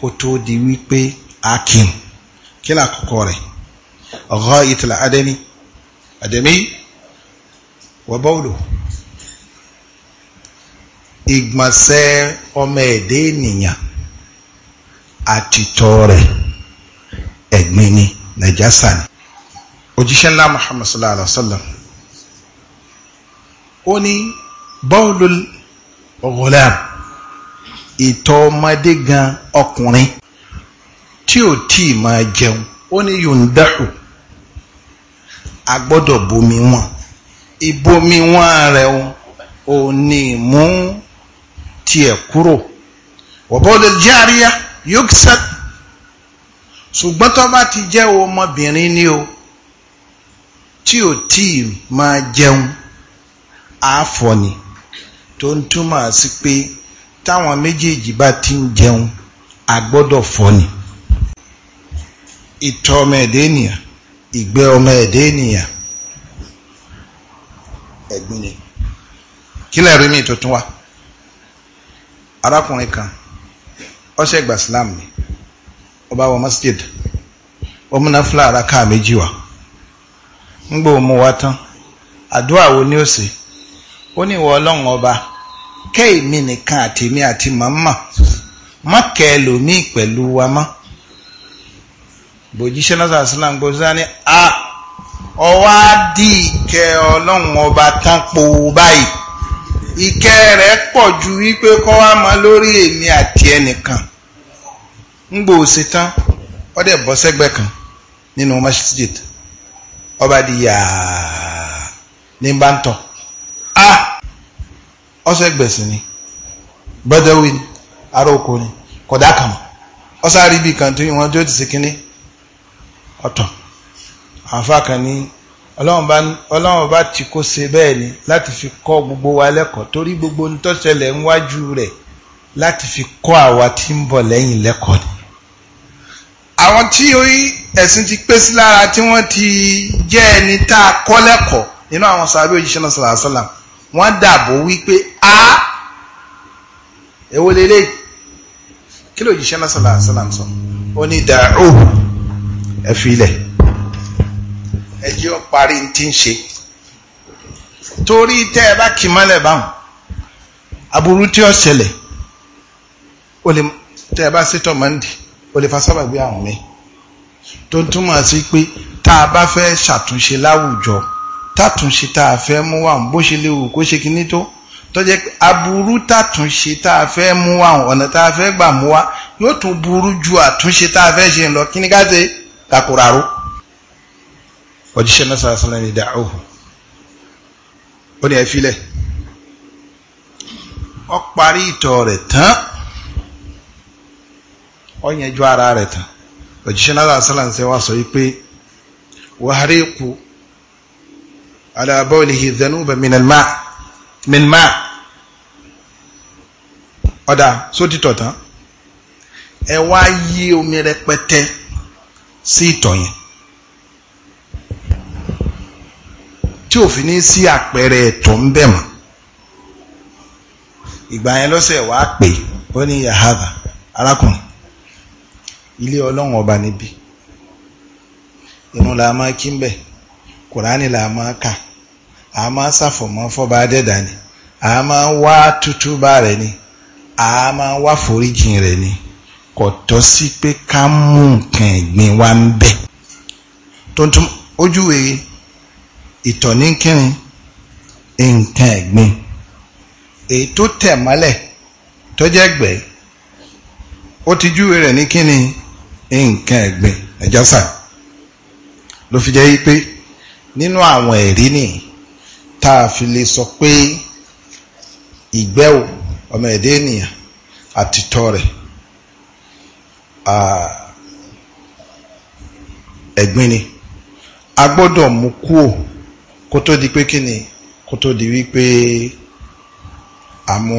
kó tó di wípé akin kí ni àkọ́kọ́ rẹ̀ ọ̀gá ìtìlá adẹ́mi adẹ́mi wọ́bọ́ọ̀lù ìgbọ̀nsẹ̀ ọmọ ẹ̀dẹ́ ènìyàn àtìtọ̀ rẹ̀ ẹ̀gbin ni nàìjásà òjíṣẹ́ ńlá muhammad sallallahu alaihi wa sallam ó ní bọ́ọ̀lù ọ̀gọ́lẹ́mù ìtọ̀ ọmọdé gan ọkùnrin tí ò tí ì máa jẹun ó ní yòǹdàrú a gbọ́dọ̀ bomi wọn ìbomi wọn rẹ̀ ò ní mú tiẹ̀ kúrò wọ́bọ́dọ̀ járíyá yóksẹ́t ṣùgbọ́n tó bá ti jẹ́ ọmọbìnrin ni o tí ò tí ì máa jẹun àáfọ̀ ni tó ń túmọ̀ sí pé. táwọn méjèèjì bá ti ń jẹun agbọ́dọ̀ ọmọ ẹ̀dẹ́ ènìyàn ìgbẹ́ ọmọ ẹ̀dẹ́ ènìyàn ẹ̀gbin ni kí lẹ́rìí mi tuntun wa arákùnrin kan ọ̀sẹ̀ gba Islam ni ó masjid fúlàrà káà méjì wa? ń gbọ́ wa tán àdúrà ni ó ṣe ó ní ìwọ ọba kẹ́ẹ̀mí nìkan àtèmi àti màmá má kẹ́ẹ̀lòmíì pẹ̀lú wa mọ́ bòjíṣẹ́ náà sàásìlá ń gbọ́sá ní a ọwá dì ìkẹ́ ọlọ́run ọba tán po báyìí ìkẹ́ rẹ̀ pọ̀ ju wípé kọ́ wá mọ́ lórí èmi àti ẹnìkan ń gbòòsì tán ó dẹ̀ bọ́ sẹ́gbẹ́ kan nínú masjid ọba di yàá ní bá ń ah ọsẹ gbẹ̀sìn ni bọ́dẹ̀wì ni ará oko ni kọ̀dá kan ọsàárì bíi kan tó ìwọ̀n tó ti sì kínní ọ̀tọ̀ àǹfà kan ní ọlọ́run bá ti kó ṣe bẹ́ẹ̀ ni láti fi kọ́ gbogbo wa lẹ́kọ̀ọ́ torí gbogbo ohun tó rẹ̀ láti fi kọ́ àwa tí ń bọ̀ lẹ́yìn lẹ́kọ̀ọ́ ni. àwọn tí ẹ̀sìn ti pé sí lára tí wọ́n ti jẹ́ ẹni tá a kọ́ lẹ́kọ̀ọ́ nínú àwọn sàbẹ̀ òjíṣẹ́ náà sàlàsàlàmù wọ́n dàbò wípé a èwo lélẹ̀ kí ló jíṣẹ́ náà sọ̀rọ̀ àṣàlám sọ ó ní dàrú ẹ filẹ̀ ẹ jẹ́ ọ parí ti ń ṣe torí tẹ́ ẹ bá kì í mọ́lẹ̀ báwọn aburú tí ó ṣẹlẹ̀ tẹ́ ẹ bá ṣètò mọ́ndì ó lè fa sábàgbé àwọn mi tó ń túmọ̀ sí pé tá a bá fẹ́ ṣàtúnṣe láwùjọ. tàtúnṣe tá a fẹ́ mú wà bó ṣe léwu kó ṣe kíní tó tọ́jẹ́ aburú tàtúnṣe tá a fẹ́ mú wà ọ̀nà tá a fẹ́ gbà mú wa yóò tún burú ju àtúnṣe tá a fẹ́ ṣe lọ kíní ká ṣe kakùràrú. náà sọ̀rọ̀ sọ́lá ní ó ní ẹ filẹ̀ parí ìtọ̀ rẹ̀ tán ara rẹ̀ tán náà sọ على بوله ذنوب من الماء من ماء ọ̀dà sóti tọ̀tán ẹ wá yí omi rẹpẹtẹ sí ìtọ̀ yẹn tí òfin ní sí àpẹẹrẹ ẹ̀tọ́ ń bẹ̀ mọ́ ìgbà yẹn lọ́sẹ̀ wàá pè ó ní yahada arákùnrin ilé ọlọ́run ọba níbí inú la máa kí ń bẹ̀ kùránì la máa kà a máa ṣàfọ̀mọ́ fọ́ba adẹ́dà ni a máa wá tútúbà rẹ̀ ni a máa wá foríjìn rẹ̀ ni kò tọ́ sí pé ká mú nǹkan ẹ̀gbin wa ń bẹ̀ tuntun ojúwe ìtọ̀ní kẹrin nǹkan ẹ̀gbin èyí tó tẹ̀ mọ́lẹ̀ tó jẹ́ gbẹ́ ó ti júwe rẹ̀ ní kíni nǹkan ẹ̀gbin ẹ̀jọ́sà ló fi jẹ́ pé nínú àwọn ẹ̀rí nìyí tá a fi lè sọ pé ìgbẹ́wò ọmọ ẹ̀dẹ́ ènìyàn àti tọ́ rẹ̀ ẹ̀gbin ni a gbọ́dọ̀ mú kúò kó tó di pé kíni kó tó di wípé a mú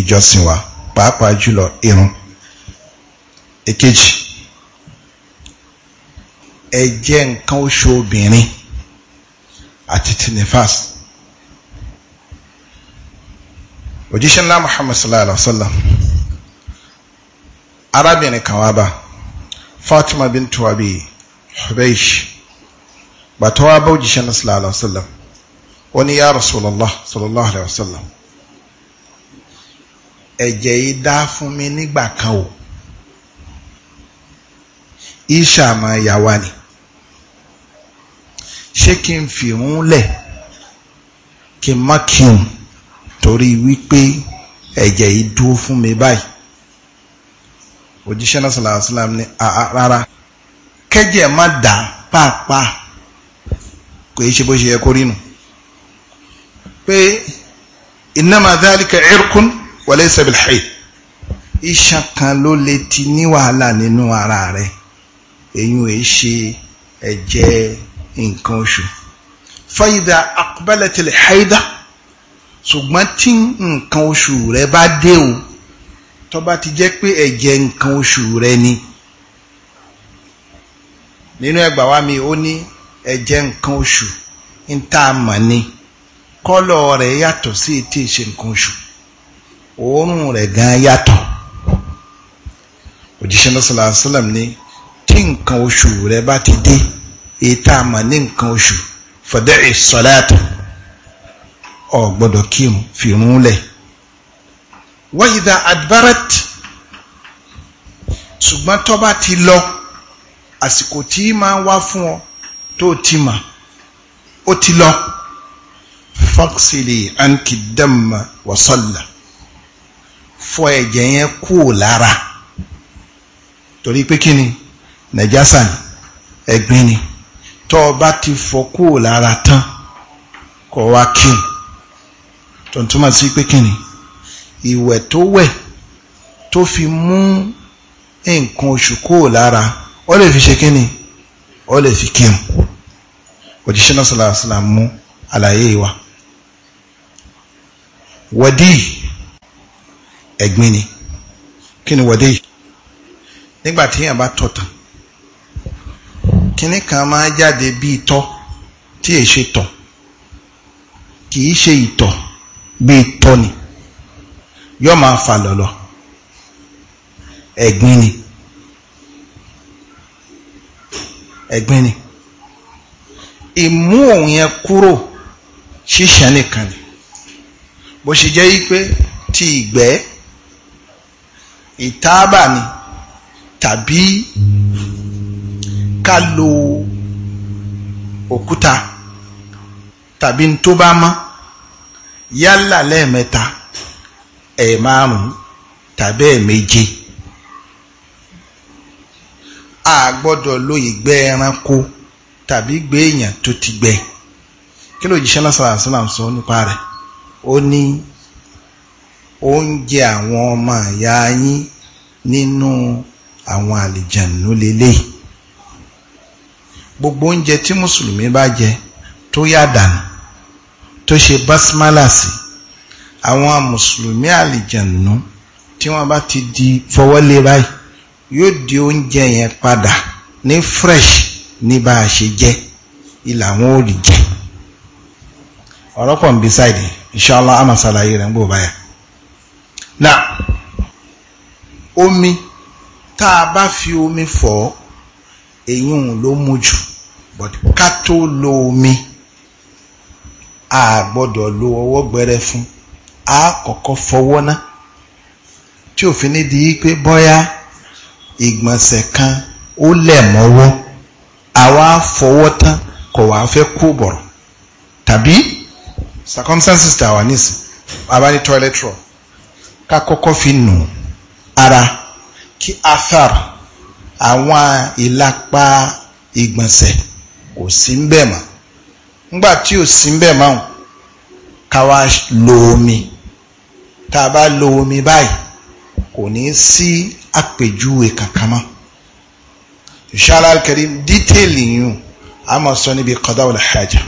ìjọsìn wa pàápàá jùlọ irun èkejì ẹ̀jẹ̀ nǹkan oṣù obìnrin àti tinefas òjíṣẹ́ ńlá muhammad sallallahu alaihi wa sallam arábìnrin kan wá bá fatima bintu abi hubaysh bàtọ́ wá bá òjíṣẹ́ ńlá sallallahu alaihi wa sallam ó ní ya rasulallah sallallahu alaihi wa sallam ẹ̀jẹ̀ yìí dá fún mi nígbà kan o iṣẹ́ àmọ́ ìyàwó ni ṣé kí n fi òun lẹ̀ kí n má kí n torí wípé ẹ̀jẹ̀ yìí dúró fún mi báyìí òjíṣẹ́ náà sọ̀rọ̀ àṣìláàmù ní rárá kẹ́jẹ̀ má dà pàápàá kò í ṣe bó ṣe yẹ kó rínu pé innama dhalika irkun wa laysa bil hayy iṣan kan ló lè ti ní wàhálà nínú ara rẹ̀ èyí ò ṣe ẹ̀jẹ̀ nǹkan oṣù fayida akbalatil haida ṣùgbọ́n tí nǹkan oṣù rẹ bá dé o tó bá ti jẹ́ pé ẹ̀jẹ̀ nǹkan oṣù rẹ ni nínú ẹgbà wa mi ó ní ẹ̀jẹ̀ nǹkan oṣù ń tá ni kọ́lọ̀ rẹ̀ yàtọ̀ sí etí ìṣe nǹkan oṣù òórùn rẹ̀ gan yàtọ̀ òjíṣẹ́ náà sallallahu alaihi wasallam tí nǹkan oṣù rẹ bá ti dé èyí tá a mọ̀ ní nǹkan oṣù fada'i salata ò gbọ́dọ̀ kírun fìrún lẹ̀ wa idha adbarat ṣùgbọ́n tó bá ti lọ àsìkò tí máa ń wá fún ọ tó ti mà ó ti lọ faksili anki damma wa salla fọ ẹ̀jẹ̀ yẹn kúò lára torí pé kí ni nàìjásà ni ẹ̀gbin tọ́ ọ bá ti fọ́ kúrò lára tán kọ́ wa kí tó ń túmọ̀ sí pé kí ni ìwẹ̀ tó wẹ̀ tó fi mú nǹkan oṣù kúrò lára ó lè fi ṣe kí ni ó lè fi kí n òjíṣẹ́ náà sọ̀rọ̀ mú àlàyé wa wọ́dí ẹ̀gbin ni kí ni wọ́dí nígbà tí èèyàn bá tọ̀ tán kínní kan máa jáde bí ìtọ̀ tí è ṣe tọ̀ kì í ṣe ìtọ̀ bí ìtọ̀ ni yóò máa fà lọ́lọ́ ẹ̀gbin ni ẹ̀gbin ni ìmú òun yẹn kúrò ṣíṣàn nìkan ni bó ṣe jẹ́ wípé ti ìgbẹ́ ìtaábà ni tàbí. Mm ká lo òkúta tàbí n tó bá mọ́ yálà lẹ́ẹ̀mẹ́ta ẹ̀ẹ̀márùn-ún tàbí ẹ̀ẹ̀méje a gbọ́dọ̀ lo ìgbẹ́ ẹranko tàbí gbé èèyàn tó ti gbẹ kí ló jíṣẹ́ lásán àṣìlá sọ nípa rẹ̀ ó ní oúnjẹ àwọn ọmọ ìyá yín nínú àwọn àlìjànú lélẹ́yìí gbogbo oúnjẹ tí mùsùlùmí bá jẹ tó yà dànù tó ṣe basmala sí àwọn mùsùlùmí àlìjànú tí wọ́n bá ti di fọwọ́lé báyìí yóò di oúnjẹ yẹn padà ní fresh ní bá a ṣe jẹ ìlàwọn ò lè jẹ ọ̀rọ̀ pọ̀ ń bí sáìdì inshallah àmà ṣàlàyé rẹ̀ ń bò báyà. na omi tá a bá fi omi fọ̀ ọ́ èyí òun ló mú jù but ká tó lo omi a gbọ́dọ̀ lo ọwọ́ gbẹrẹ fún a kọ́kọ́ fọwọ́ ná tí òfin ní di pé bọ́yá ìgbọ̀nsẹ̀ kan ó lẹ̀ mọ́wọ́ àwa fọwọ́ tán kò wá fẹ́ kó bọ̀rọ̀ tàbí circumstances ta wà nísìn bàbá ní toilet roll ká kọ́kọ́ fi nù ara kí athar àwọn ìlàpá ìgbọ̀nsẹ̀ kò sí ń bẹ̀ mọ́ ńgbà tí ò sí ń bẹ̀ mọ́ àwọn ká wá lo omi tá a bá lo omi báyìí kò ní sí àpèjúwe kankan mọ́ inshallah al-karim yìí a máa sọ níbi qada al-haja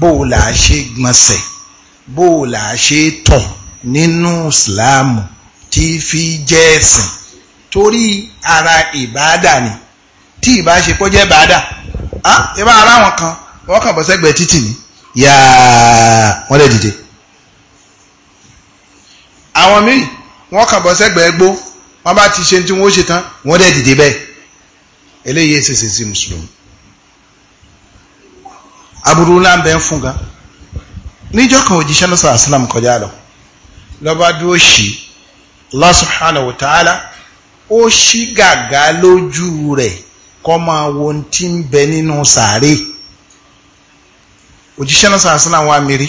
bó o là á ṣe gbọ̀nsẹ̀ bó o là á ṣe tọ̀ nínú ìsìláàmù tí fi jẹ́ ẹ̀sìn torí ara ìbáadà ni tí ìbá ṣe kó jẹ́ bàádà ìbá ara wọn kan wọn kàn bọ́ sẹ́gbẹ̀ẹ́ títì ni yáà wọn lè dìde àwọn míì wọn kàn bọ́ sẹ́gbẹ̀ẹ́ gbó wọn bá ti ṣe tí wọ́n ṣe tán wọ́n lè dìde eléyìí ṣèṣe sí mùsùlùmí aburú bẹ ń fún gan kan náà sọ àsìlám kọjá lọ dúró ṣì ó gàgà kọ́ máa wo tí ń bẹ nínú sàárè òjíṣẹ́ náà sàásán àwọn amírí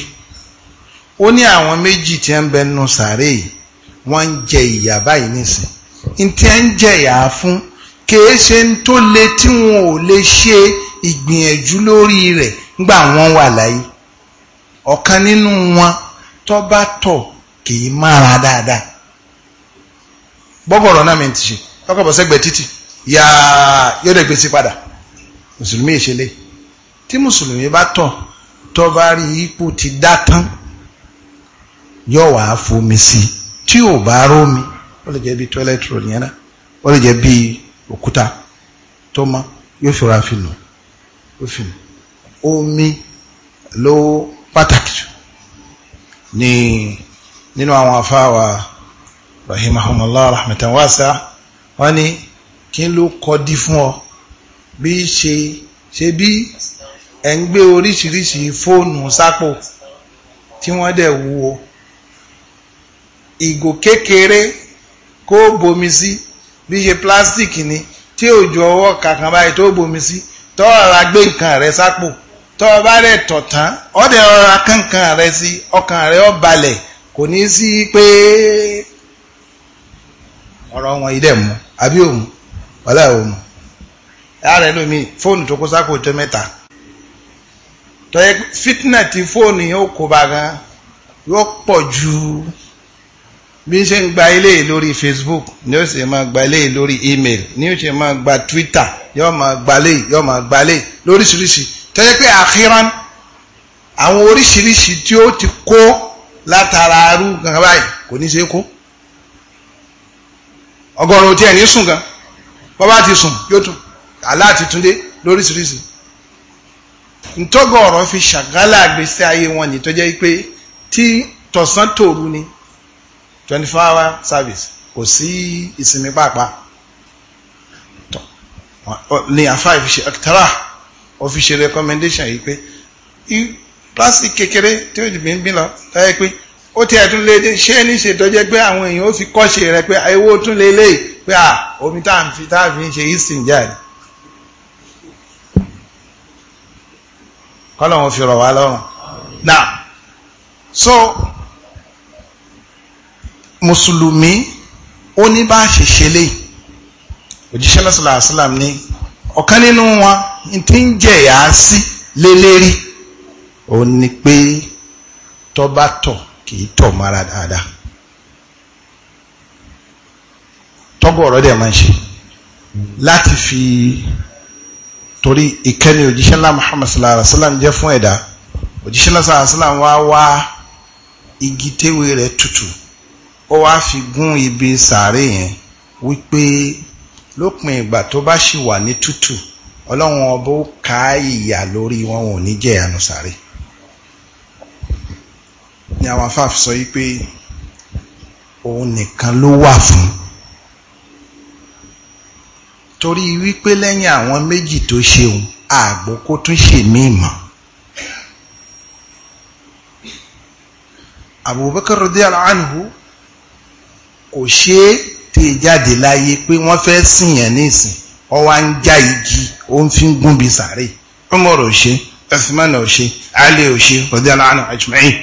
ó ní àwọn méjì tí ń bẹ nínú sàárè wọ́n ń jẹ ìyà báyìí nísìn ní tí ń jẹ ìyà fún kìí ṣe ń tó le tí wọn ò lè ṣe ìgbìyànjú lórí rẹ̀ ńgbà wọ́n wà láyé ọ̀kan nínú wọn tó bá tọ̀ kìí mára dáadáa bọ́gọ̀rọ̀ náà mi ti ṣe lọ́kọ̀ bọ̀ sẹ́gbẹ̀ẹ́ títì yàá yóò dẹ̀ gbèsè padà mùsùlùmí ìṣẹlẹ tí mùsùlùmí bá tọ̀ tó bá rí ipò ti dá tán yóò wá fomi sí tí ò bá rómi ó lè jẹ́ bí toilet roll yẹn náà ó lè jẹ́ bí òkúta tó mọ́ yóò fi ra fi nù ó fi nù omi ló pàtàkì jù ní nínú àwọn afáwà rahimahumallah rahmatan wasa wọ́n ní kí ló kọdí fún ọ bí ṣe ṣe bí ẹ̀ ń gbé oríṣiríṣi fóònù sápò tí wọ́n dẹ̀ wúwo ìgò kékeré kó bomi sí bí ṣe pílásítìkì ni tí òjò ọwọ́ kankan báyìí tó bomi sí tọ́ ọ̀rá gbé nǹkan rẹ̀ sápò tọ́ ọ bá rẹ̀ tọ̀ tán ọ̀dẹ̀ ọ̀rá kankan rẹ̀ sí ọkàn rẹ̀ ó balẹ̀ kò ní sí pé ọ̀rọ̀ wọn yìí dẹ̀ mú àbí òun wàhálà ò mọ̀ ààrẹ lómi fóònù tó kó sákò tó mẹ́ta tọ́yẹ fitna ti fóònù yóò kó ba gan yóò pọ̀ ju bí n ṣe ń gba eléyìí lórí Facebook ni ó sì máa gba eléyìí lórí email ni ó sì máa gba Twitter yóò máa gba eléyìí yóò máa gba eléyìí lóríṣiríṣi tọ́yẹ pé àkíran àwọn oríṣiríṣi tí ó ti kó látara arú gangan báyìí kò ní ṣe kó ọgọ́rùn tí ẹ̀ ní sùn gan bọ́bá ti sùn yóò tún aláàtì túndé lóríṣiríṣi ntọ́gọ̀ ọ̀rọ̀ fi ṣàgálà gbèsè ayé wọn ní tó jẹ́ pé tí tọ̀sán tòru ni twenty four hour service kò sí ìsinmi pàápàá ní àfa ìfiṣe ẹ̀kítárà ọ̀fiṣe recommendation yìí pé kíláàsì kékeré tí ó dìbò ń bí lọ táyé pé ó ti ẹ̀tún léde ṣé ní ṣètọ́jẹ́ pé àwọn èèyàn ó fi kọ́ ṣe rẹ pé ayéwo tún lélẹ́yìí pé ah, à omi táàfin ń ṣe easton jáde kọ́lọ̀wọ́n fi rọ̀ wá lọ́rùn now so mùsùlùmí ó ní bá ṣe ṣe lè òjíṣẹ́ lọ́sọ̀lá àṣìlám ní ọ̀kan nínú wọn tí ń jẹ̀yà sí lélẹ́rí ó ní pé tọ́bátọ̀ kì tọ̀ mara dáadáa tọ́gọ̀rọ̀ dẹ̀ máa ń ṣe láti fi torí ìkẹ́ni òjíṣẹ́ ńlá Muhammad sallallahu alaihi wa sallam jẹ́ fún ẹ̀dá òjíṣẹ́ ńlá sallallahu alaihi wa sallam wá wá igi téwé rẹ̀ tutù ó wá fi gún ibi sàárè yẹn wípé lópin ìgbà tó bá ṣì wà ní tútù ọlọ́run ọba ó ká ìyà lórí wọn ò ní jẹ́ ìyanu sàárè ni àwọn afáàfin sọ yìí pé òun nìkan ló wà fún torí wípé lẹ́yìn àwọn méjì tó ṣeun àgbò kó tún ṣe mí mọ́ Abubakar radiyallahu anhu kò ṣe é tè jáde láyé pé wọ́n fẹ́ sìn yẹn nísìn ọ wá ń já igi ó ń fi ń gúnbi sàárè Umar ò ṣe Uthman ò ṣe Ali ò ṣe radiyallahu anhu ajma'in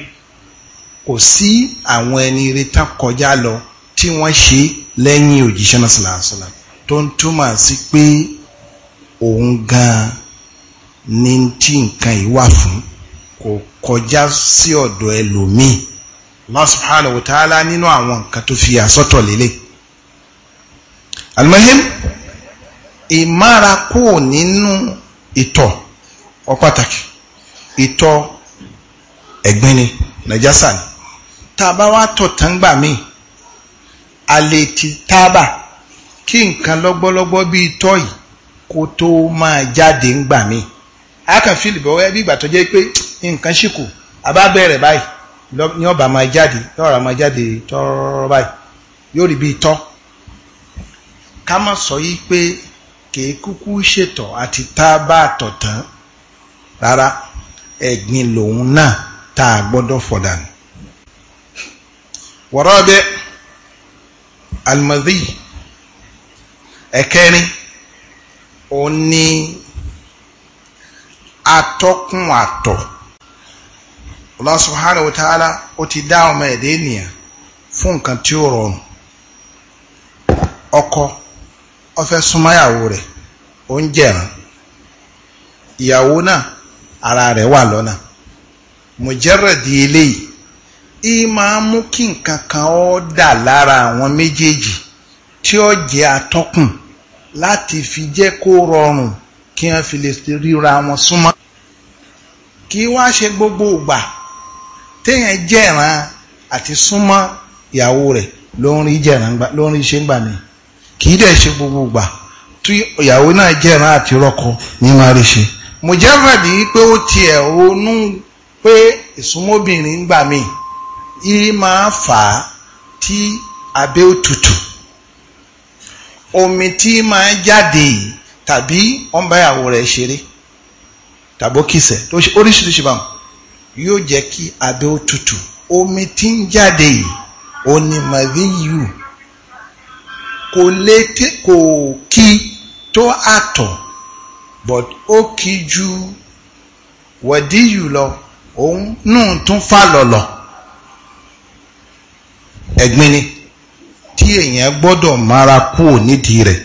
kò sí àwọn ẹni retá lọ tí wọ́n ṣe lẹ́yìn òjíṣẹ́ náà sallallahu alaihi tó ń túmọ̀ sí pé òun gan-an ní tí nǹkan yìí wà fún kò kọjá sí ọ̀dọ̀ ẹlòmíì Allah subhanahu nínú àwọn nǹkan tó fi àsọ́tọ̀ lélẹ̀ almahim ìmára kò nínú ìtọ̀ ọ pàtàkì ìtọ̀ ẹ̀gbin ni nàjásà ni tá a bá wá tọ̀ tán gbà míì a lè ti tábà kí nǹkan lọ́gbọ́lọ́gbọ́ bíi tọ́yì kó tó máa jáde ń gbà mí a kàn fíìlì bọ́ wẹ́ bí ìgbà tó jẹ́ pé nǹkan ṣì kù àbá bẹ̀rẹ̀ báyìí ní ọba máa jáde lọ́ra máa jáde tọ́rọ́ báyìí yóò rí bíi tọ́ ká má sọ yí pé kèé kúkú ṣètọ̀ àti tá a bá tọ̀ tán rárá ẹ̀gbin lòun náà tá a gbọ́dọ̀ fọ̀dà ni. wọ́rọ́ bẹ́ẹ̀ almadhi ẹ̀kẹrin òun ni atọkùn àtọ̀ Allah subhanahu wa ó ti dá ọmọ ẹ̀dẹ́ ènìyàn fún nǹkan tí ó rọrùn ọkọ ó fẹ́ súnmáyàwó rẹ̀ ó ń jẹ̀ràn ìyàwó náà ara rẹ wà lọ́nà mùjẹ́rẹ̀dì eléyìí ì máa mú kí nǹkan kan ó dà lára àwọn méjèèjì tí ó jẹ atọkùn láti fi jẹ́ kó rọrùn kí wọ́n fi lè ríra wọn súnmọ́ kí wá ṣe gbogbo ìgbà téèyàn jẹ̀ràn àti súnmọ́ ìyàwó rẹ̀ ló ń rí jẹ̀ràn ló ń rí ṣe ń gbà mí kì í dẹ̀ ṣe gbogbo ìgbà tí ìyàwó náà jẹ̀ràn àti rọ́kọ ní máa rí ṣe mùjẹ́fàdì pé ó tiẹ̀ ronú pé ìsúnmọ́bìnrin gbà mí yìí máa fà á tí abẹ́ òtútù omi tí máa jáde tàbí wọ́n bá ìyàwó rẹ̀ ṣeré tàbó kìsẹ̀ oríṣiríṣi báwọn yóò jẹ́ kí abẹ́ ó tutù omi tí ń jáde yìí onímọ̀díyù kò létí kò kí tó àtọ̀ but ó kí ju wẹ̀díyù lọ òun nù tún fà lọ̀lọ̀ ẹ̀gbin ni tí èèyàn gbọ́dọ̀ mara kúò nídìí rẹ̀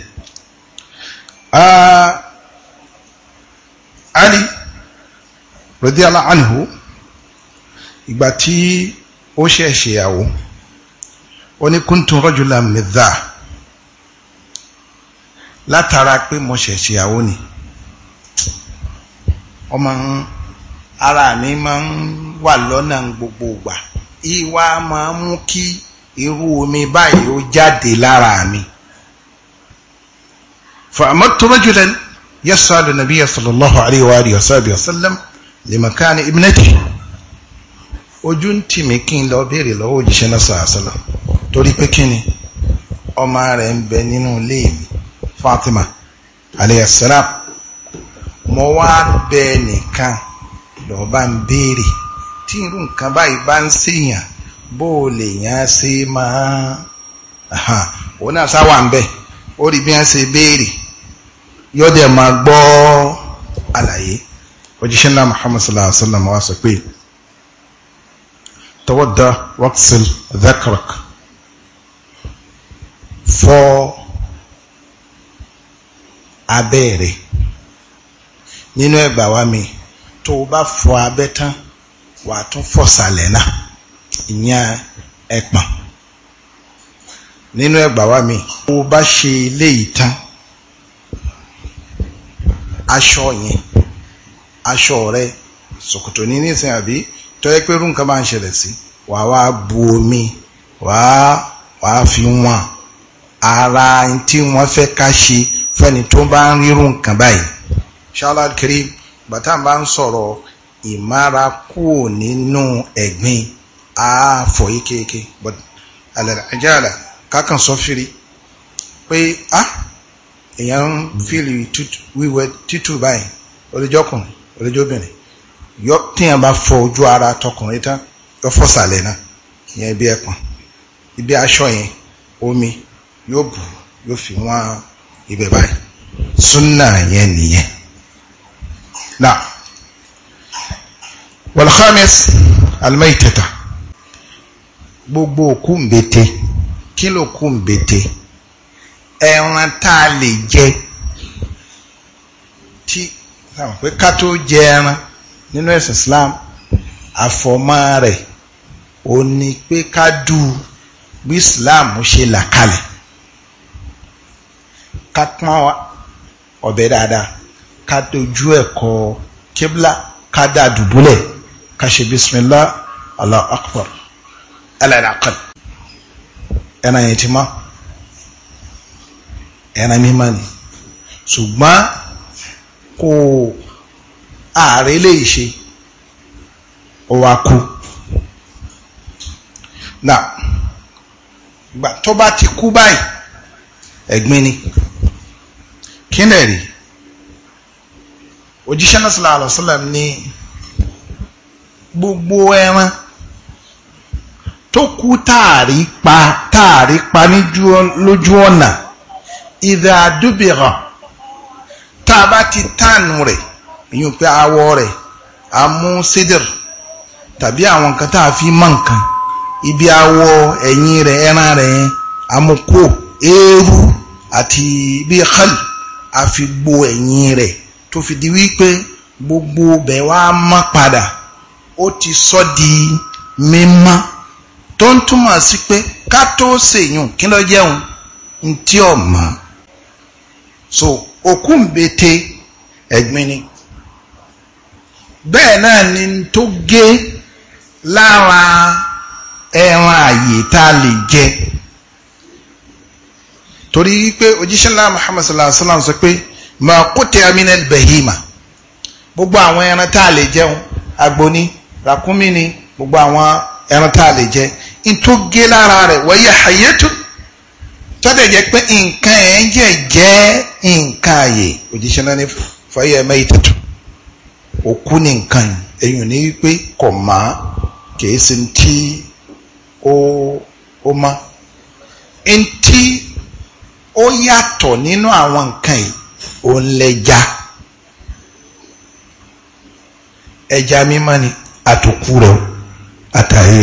Ali radiyallahu anhu ìgbà tí ó ṣẹ̀ṣẹ̀ ìyàwó ó ní kuntu rajulan midha látara pé mo ṣẹ̀ṣẹ̀ ìyàwó ni ọmọ ara mi máa ń wà lọ́nà gbogbo ìgbà ìwà máa ń mú kí irú omi báyìí ó jáde lára mi فأمرت رجلا يسأل النبي صلى الله عليه وآله وصحبه وسلم لمكان ابنته ojú ń tì mí kí n lọ béèrè lọ́wọ́ òjíṣẹ́ náà sàásàlá torí pé kí ni ọmọ rẹ̀ ń bẹ nínú ilé mi Fatima aleyhisselam mo wá bẹ nìkan lọ́ọ́ bá ń béèrè tí irú nǹkan báyìí bá ń ṣèyàn bó o lè yàn ṣe máa òun náà sáwà ń bẹ̀ ó rí bí wọ́n ṣe béèrè yóò máa gbọ́ àlàyé òjíṣẹ́ náà Muhammad sallallahu alaihi wa sallam wa sọ pé tawadda waqsil dhakrak fọ abẹ́ rẹ̀ nínú ẹgbàá wa mi tó o bá fọ abẹ́ tán wàá tún fọ sàlẹ̀ náà. ìyẹn ẹ̀pọ̀n nínú ẹgbà wa mi mo bá ṣe ilé ìtàn aṣọ yẹn aṣọ rẹ ṣòkòtò ní nísìnyí àbí tọ́yẹ́ pé rúǹkan máa ń ṣẹlẹ̀ sí wàá wá bu omi wàá wàá fi wọn ara tí wọ́n fẹ́ ká ṣe fẹ́ni tó bá ń rí rúǹkan báyìí ṣáláàkiri bàtà bá ń sọ̀rọ̀ ìmára kúò nínú ẹ̀gbin. E àáfọ̀ ah, yìí kéèké but àlẹ́rẹ̀ ajá àlà kákan sọ firi pé a ah, èèyàn ń fíìlì wíwẹ̀ tútù báyìí olójọkùnrin olójọbìnrin yọ a bá fọ ojú ara tọkùnrin tán yọ fọsàlẹ̀ náà ìyẹn ibi ẹ̀pọ̀n ibi aṣọ yẹn omi yóò bù yóò fi wọ́n ibẹ̀ báyìí súnà yẹn nìyẹn. na wal khamis al maitata gbogbo òkú mbete kí ló kú mbete ẹran tá a lè jẹ tí àwọn pé ká tó jẹ ẹran nínú ẹ̀sìn Islam àfọ̀mọ́ rẹ̀ ò ní pé ká dù ú bí Islam ṣe là kalẹ̀ ká pọ́n ọ̀bẹ dáadáa ká dojú ẹ̀kọ́ kíbla ká dá dùbúlẹ̀ ká ṣe bismillah Allah akbar alalaqal ẹran yẹn ti má ẹran mímá ni ṣùgbọ́n kò ààrẹ lè ṣe ó wá kú náà gbà tó bá ti kú báyìí ẹ̀gbin ni kí rí òjíṣẹ́ náà sallallahu alaihi wasallam ní gbogbo ẹran tó kú táàrí pa táàrí pa lójú ọ̀nà ìdá àdúbìrà tá a bá ti tánù rẹ̀ èyàn pé awọ rẹ̀ a mú sídìr tàbí àwọn nǹkan tá a fi mọ nǹkan ibi awọ ẹ̀yìn rẹ̀ ẹran rẹ̀ yẹn amúkó eérú àti bíi khal a ẹ̀yìn rẹ̀ tó fi di wípé gbogbo bẹ̀ wá mọ́ padà ó ti sọ́ di mímọ́ tó ń túmọ̀ sí pé ká tó ṣèyún kí ló jẹun ń tí ọ̀ mọ́ so òkú ń bete ẹ̀gbin ni bẹ́ẹ̀ náà ni tó gé lára ẹran àyè tá a lè jẹ torí pé òjíṣẹ́ ńlá Muhammad sallallahu alaihi wa sallam sọ pé ma quti aminal bahima gbogbo àwọn ẹran tá a lè jẹun agbo ni ràkúnmí ni gbogbo àwọn ẹran tá a lè jẹ ntó gé lára rẹ̀ wáyé hayétu tọ́dẹ̀ jẹ́ pé nǹkan ẹ̀ ń jẹ́ jẹ́ nǹkan àyè òjíṣẹ́ náà ní fàyè ẹ̀mẹ́ ìtẹ̀tù òkú ni nǹkan ẹ̀yìn ní wípé kọ̀ má kìí tí ó ó má ntí ó yàtọ̀ nínú àwọn nǹkan yìí ó ń lẹ́ja ẹja mímọ́ ni àtòkù rẹ̀ àtàyè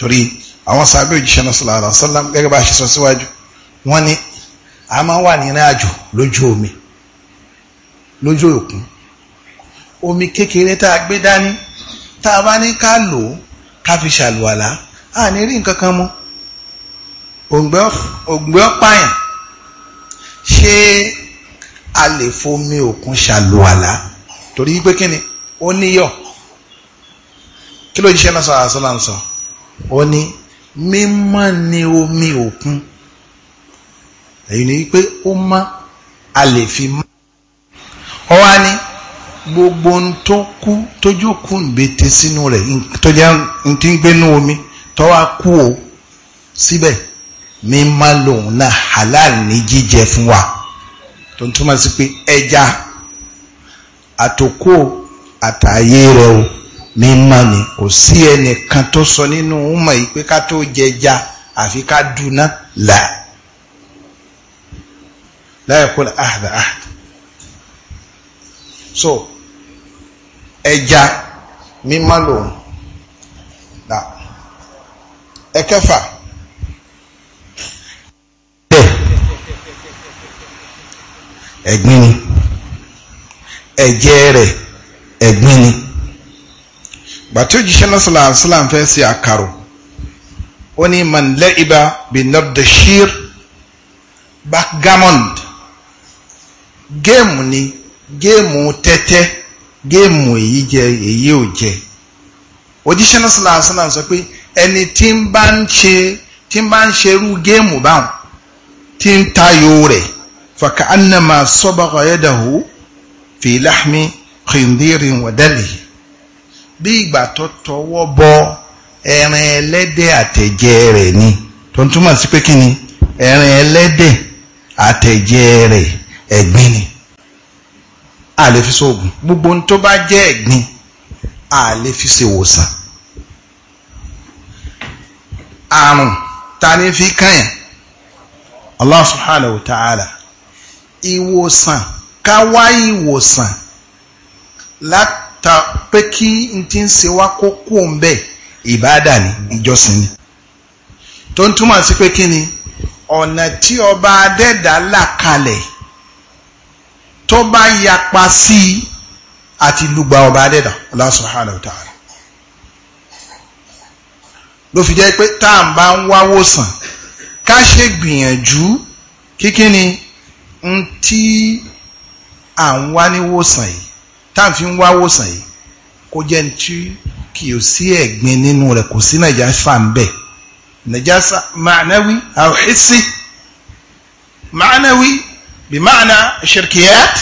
torí àwọn sábẹ́ òjíṣẹ́ náà sallallahu alaihi wasallam gẹ́gẹ́ bá a ṣe sọ síwájú wọ́n ní a máa wà nínú àjò lójú omi lójú òkun omi kékeré tá a gbé dání tá a bá ní ká lò ó ká fi ṣàlùwàlá a ní rí nǹkan kan mú òǹgbẹ́ ọ̀páyàn ṣé a lè fomi òkun ṣàlùwàlá torí pé kí ni ó níyọ̀ kí ló jíṣẹ́ náà sọ àṣọ là sọ. Ọ ni mímọ́ ni omi òkun èyí ni wípé ó má a lè fi ma. ọ wá ní gbogbo ohun tó kú tójú kù ń sínú rẹ̀ tó jẹ́ ń ti ń gbénú omi tó wá kú o síbẹ̀ mímọ́ lòun náà halal ní jíjẹ fún wa tó ń túmọ̀ sí pé ẹja àtòkó rẹ o. mímọ́ ni kò sí ẹnìkan tó sọ nínú ọmọ yìí pé ká tó jẹja àfi ká dúná là láyé àhàdà àhàdà so ẹja mímọ́ lòun là ẹ̀kẹfà ẹ̀gbin ni ẹ̀jẹ̀ rẹ̀ ẹ̀gbin ni gbàtí òjíṣẹ́ náà sọ̀lá àṣìlá ń fẹ́ sí àkàrò ó ní man la'iba bi nardashir backgammon géèmù ni géèmù tẹ́tẹ́ géèmù èyí jẹ èyí ò jẹ òjíṣẹ́ náà sọ̀lá àṣìlá sọ pé ẹni tí ń bá ń ṣe tí ń bá ń ṣerú géèmù báwọn tí ń tayò rẹ̀ faka annama sabaqa yadahu fi lahmi khindirin bí ìgbà tó tọwọ́ bọ ẹran ẹlẹ́dẹ̀ àtẹ̀jẹ̀ rẹ̀ ni tó ń túmọ̀ sí pé kí ni ẹran ẹlẹ́dẹ̀ àtẹ̀jẹ̀ rẹ̀ ẹ̀gbin ni a lè fi ṣoògùn gbogbo ohun tó bá jẹ́ ẹ̀gbin a lè fi ṣe wòsàn àrùn ta ni fi kàyàn Allah subhanahu wa ta'ala ìwòsàn ká wá ìwòsàn láti ta pé kí n ti ń ṣe wá kó kó ń bẹ̀ ìbáàdà ni ìjọsìn ni tó ń túmọ̀ sí pé kí ni ọ̀nà tí ọba adẹ́dà là kalẹ̀ tó bá yapa sí i àti lùgbà ọba adẹ́dà Allah subhanahu wa ta'ala ló fi jẹ́ pé tá à ń bá ń wáwó sàn ká ṣe gbìyànjú kíkíni ń tí à ń wá níwòsàn yìí táà fi ń wá wòsàn yìí kó jẹ́ ní tí kì í sí ẹ̀gbin nínú rẹ̀ kò sí nàjàsà ń bẹ̀ nàjàsà ma'nawi aw hissi ma'nawi bí ma'na shirkiyat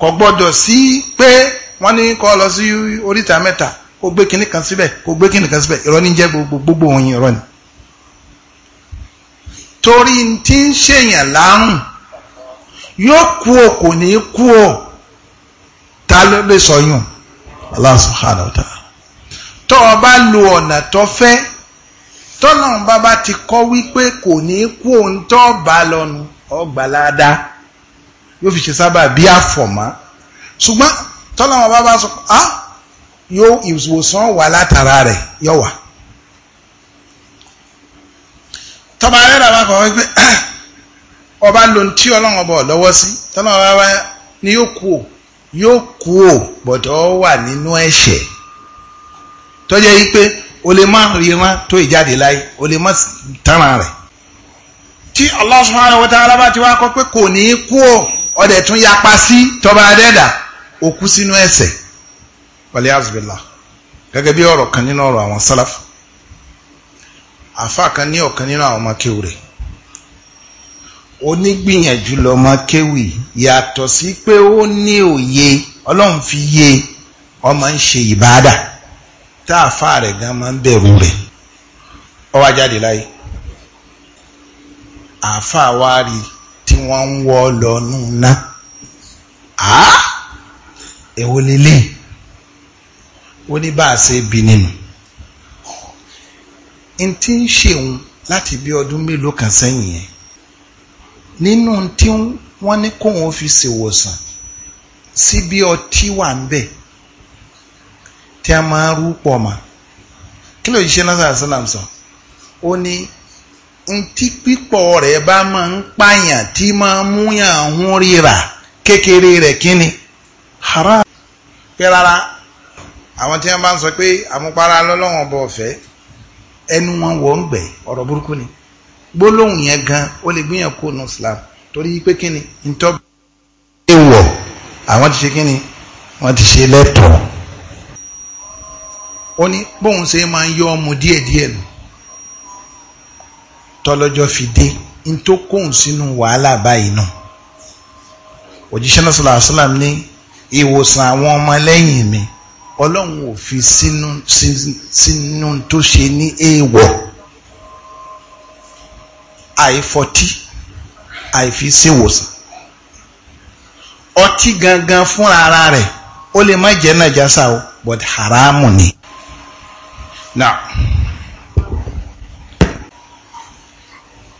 kò gbọ́dọ̀ sí pé wọ́n ní kọ́ lọ sí oríta mẹ́ta kó gbé kinní kan síbẹ̀ kó gbé kinní kan síbẹ̀ irọ́ ní jẹ́ gbogbo òyìn irọ́ ni torí tí ń ṣèyàn láàrùn yóò kú o kò ní kú o ta ló lè sọyún Allah subhanahu wa ta'ala tó o bá lo ọ̀nà tó fẹ́ tọ́nà bàbá ti kọ́ wípé kò ní kú ohun tó bá lọ́nu ọgbàládá yóò fi ṣe sábà bí àfọ̀mọ́ ṣùgbọ́n tọ́nà bàbá sọ á ah, yóò ìwòsàn wà látara rẹ̀ yóò tọ́ba rẹ̀ rà bá kọ́ wípé ah, ọba lo tí ọlọ́run ọba ọ̀ lọ́wọ́ sí tọ́nà bàbá ni yóò kú o yóò kú ò bọ̀tọ̀ wà nínú ẹ̀ṣẹ̀ tọ́jẹ́ yìí pé o lè má ríran tó ìjáde láyé o lè má tánra rẹ̀ tí Allah subhanahu wa ta'ala bá ti wá kọ pé kò ní kú ò ọdẹ tún yapa sí tọba adẹ́dà òkú sínú ẹ̀ṣẹ̀ wàlẹ́ azbillah gẹ́gẹ́ bí ọ̀rọ̀ kan nínú ọ̀rọ̀ àwọn sálàfù àfa kan ní ọ̀kan nínú àwọn ọmọ kéwù rẹ̀ onígbìyànjú lọmọ kéwì yàtọ̀ sí pé ó ní òye ọlọ́run fi yé ọmọ ń ṣe ìbáadà tá a fa rẹ̀ gan máa ń bẹ̀rù rẹ̀ ó wá jáde láyé àáfàá wa rí tí wọ́n ń wọ́ lọ nù ná èwo lélẹ̀ ó ní bá a ṣe bí nínú n ti ń ṣe òun láti bí ọdún mélòó kan sẹ́yìn yẹn nínú tí wọ́n ní kóun fi ṣèwòsàn sí bí ọtí wà ń bẹ̀ tí a máa rú pọ̀ mà kí ló ṣiṣẹ́ náà sàlám sọ ó ní ntí pípọ̀ rẹ̀ bá máa ń pààyàn tí máa mú yàn ríra kékeré rẹ̀ kíni haram pé rárá àwọn tí wọ́n bá ń sọ pé àmupara lọ́lọ́wọ́n bọ̀ ọ̀fẹ́ ẹnu wọn wọ̀ ń gbẹ̀ ọ̀rọ̀ burúkú ni gbólóhùn yẹn gan ó lè gbìyàn kó nu islam torí pé kí ni ntọ́ ewọ̀ àwọn ti ṣe kí ni wọ́n ti ṣe lẹ́tọ̀ọ́ ó ní bóun ṣe máa ń yọ ọmọ díẹ̀díẹ̀ nù tọ́lọ́jọ́ fi dé ntókòun sínú wàhálà báyìí náà òjíṣẹ́ náà sọ̀rọ̀ àṣàlám ní ìwòsàn àwọn ọmọlẹ́yìn mi ọlọ́run ò fi sínú sínú tó ṣe ní èèwọ̀. àìfọtí àìfi síwòsàn ọtí gangan fún ara rẹ ó lè má jẹ́ nàjásà o but haramu ni.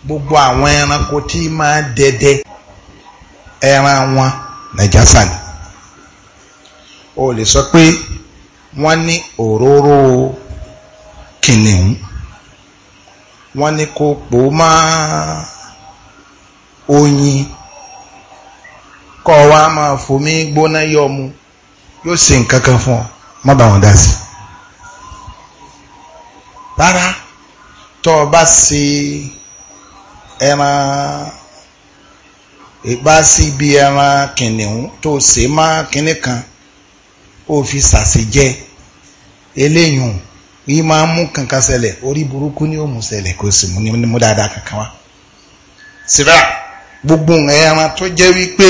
gbogbo àwọn ẹranko tí máa dẹdẹ ẹran wọn nàjásà ni o lè sọ pé wọ́n ní òróró kìnìún wọ́n ní kó pò má oyin kọ́ wa máa fomi gbóná yọ mu yóò ṣe nǹkan kan fún ọ má bá wọn dá sí rárá tọ́ ọ bá ṣe ẹran ìbá sí bí ẹran kìnìún tó ṣe má kìnì kan ó fi ṣàṣejẹ eléyùn yìí máa ń mú kankan ṣẹlẹ̀ orí burúkú ni ó mú ṣẹlẹ̀ kò sì mú ní mú dáadáa kankan wá. síra gbogbo ẹran tó jẹ́ wípé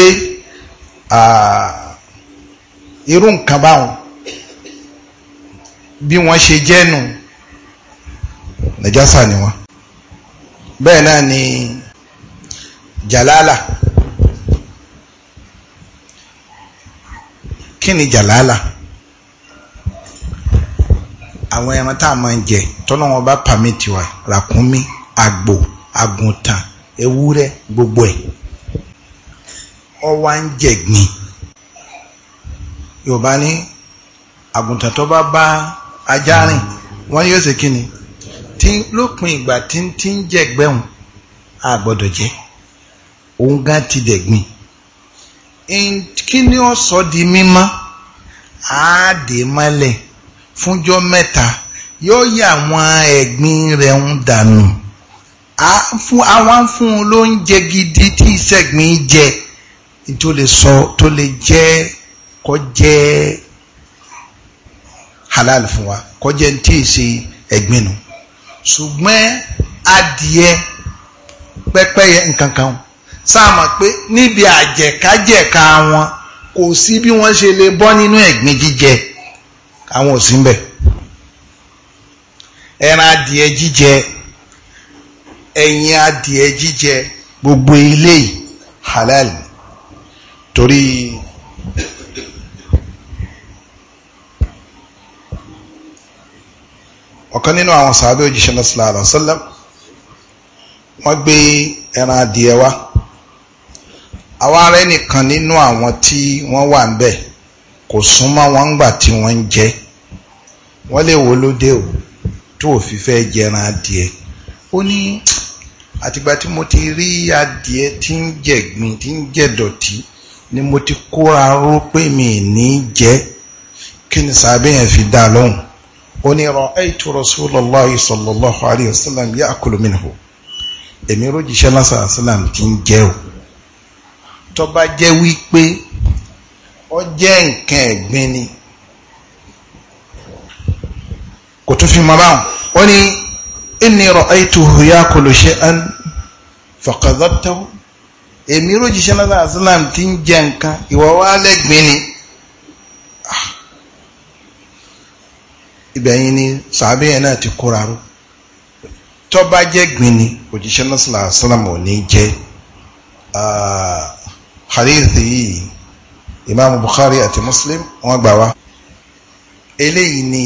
irú nǹkan báwọn bí wọ́n ṣe jẹ́nu nàjásà ni wọ́n bẹ́ẹ̀ náà ni jàlálà kí ni jàlálà àwọn ẹran tá a máa ń jẹ tọ́nà wọn bá pàmìtì wa ràkúnmí àgbò àgùntàn ewúrẹ́ gbogbo ẹ̀ ọ wá ń jẹ̀gbìn yorùbá ní àgùntàn tó bá bá ajá rìn wọ́n yóò ṣe kí ni tí lópin ìgbà tí ń tí ń jẹ̀gbẹ́hùn a gbọ́dọ̀ jẹ́ òun gan ti dẹ̀gbìn kí ni ó sọ di mímọ́ àádé mọ́lẹ̀ fúnjọ́ mẹ́ta yóò yà àwọn ẹ̀gbin rẹ̀ ń dànù àwọn fún un ló ń jẹ gidi tí ìṣẹ́gbin jẹ tó lè sọ tó lè jẹ kó jẹ halal fún wa kó jẹ tí ì ṣe ẹ̀gbin nù ṣùgbọ́n adìẹ pẹ́pẹ́yẹ nǹkan kan sáàmà pé níbi àjẹkájẹka wọn kò sí bí wọ́n ṣe lè bọ́ nínú ẹ̀gbin jíjẹ àwọn ò sí ń bẹ̀ ẹran adìẹ jíjẹ ẹyin adìẹ jíjẹ gbogbo ilé halal torí ọ̀kan nínú àwọn sàábẹ́ òjíṣẹ́ náà sallallahu alaihi wasallam wọ́n gbé ẹran adìẹ wá àwọn ará ẹnìkan nínú àwọn tí wọ́n wà ń bẹ̀ kò súnmọ́ wọn gbà tí wọ́n ń jẹ wọ́n lè wo lóde o tó ò fi fẹ́ jẹran adìẹ ó ní àtìgbà tí mo ti rí adìẹ tí ń jẹ̀gbin tí ń jẹ̀dọ̀tí ni mo ti kóra ró pé mi ní jẹ kí ni sàbẹ̀ yẹn fi dá lóhùn ó ní ra'aytu Rasulullahi sallallahu alayhi wa sallam ya'kulu minhu èmi rójìṣẹ́ lásán àṣàlám tí ń jẹ o tó jẹ́ wípé ó jẹ́ nǹkan ẹ̀gbin ni kò tún fi mọ báwọn ó ní inni ra'aytuhu yakulu shay'an faqadhabtahu èmi rojíṣẹ́ lọ́dọ̀ àṣìlám tí ń jẹ nǹkan ìwọ wá lẹ́gbin ni ah. ibẹ̀yìn ni sàbẹ̀yẹn náà ti kóra rú tó bá gbin ni òjíṣẹ́ lọ́dọ̀ àṣìlám ò ní jẹ́ ah, hadithi yìí imam bukhari àti muslim wọ́n gbà wá eléyìí ni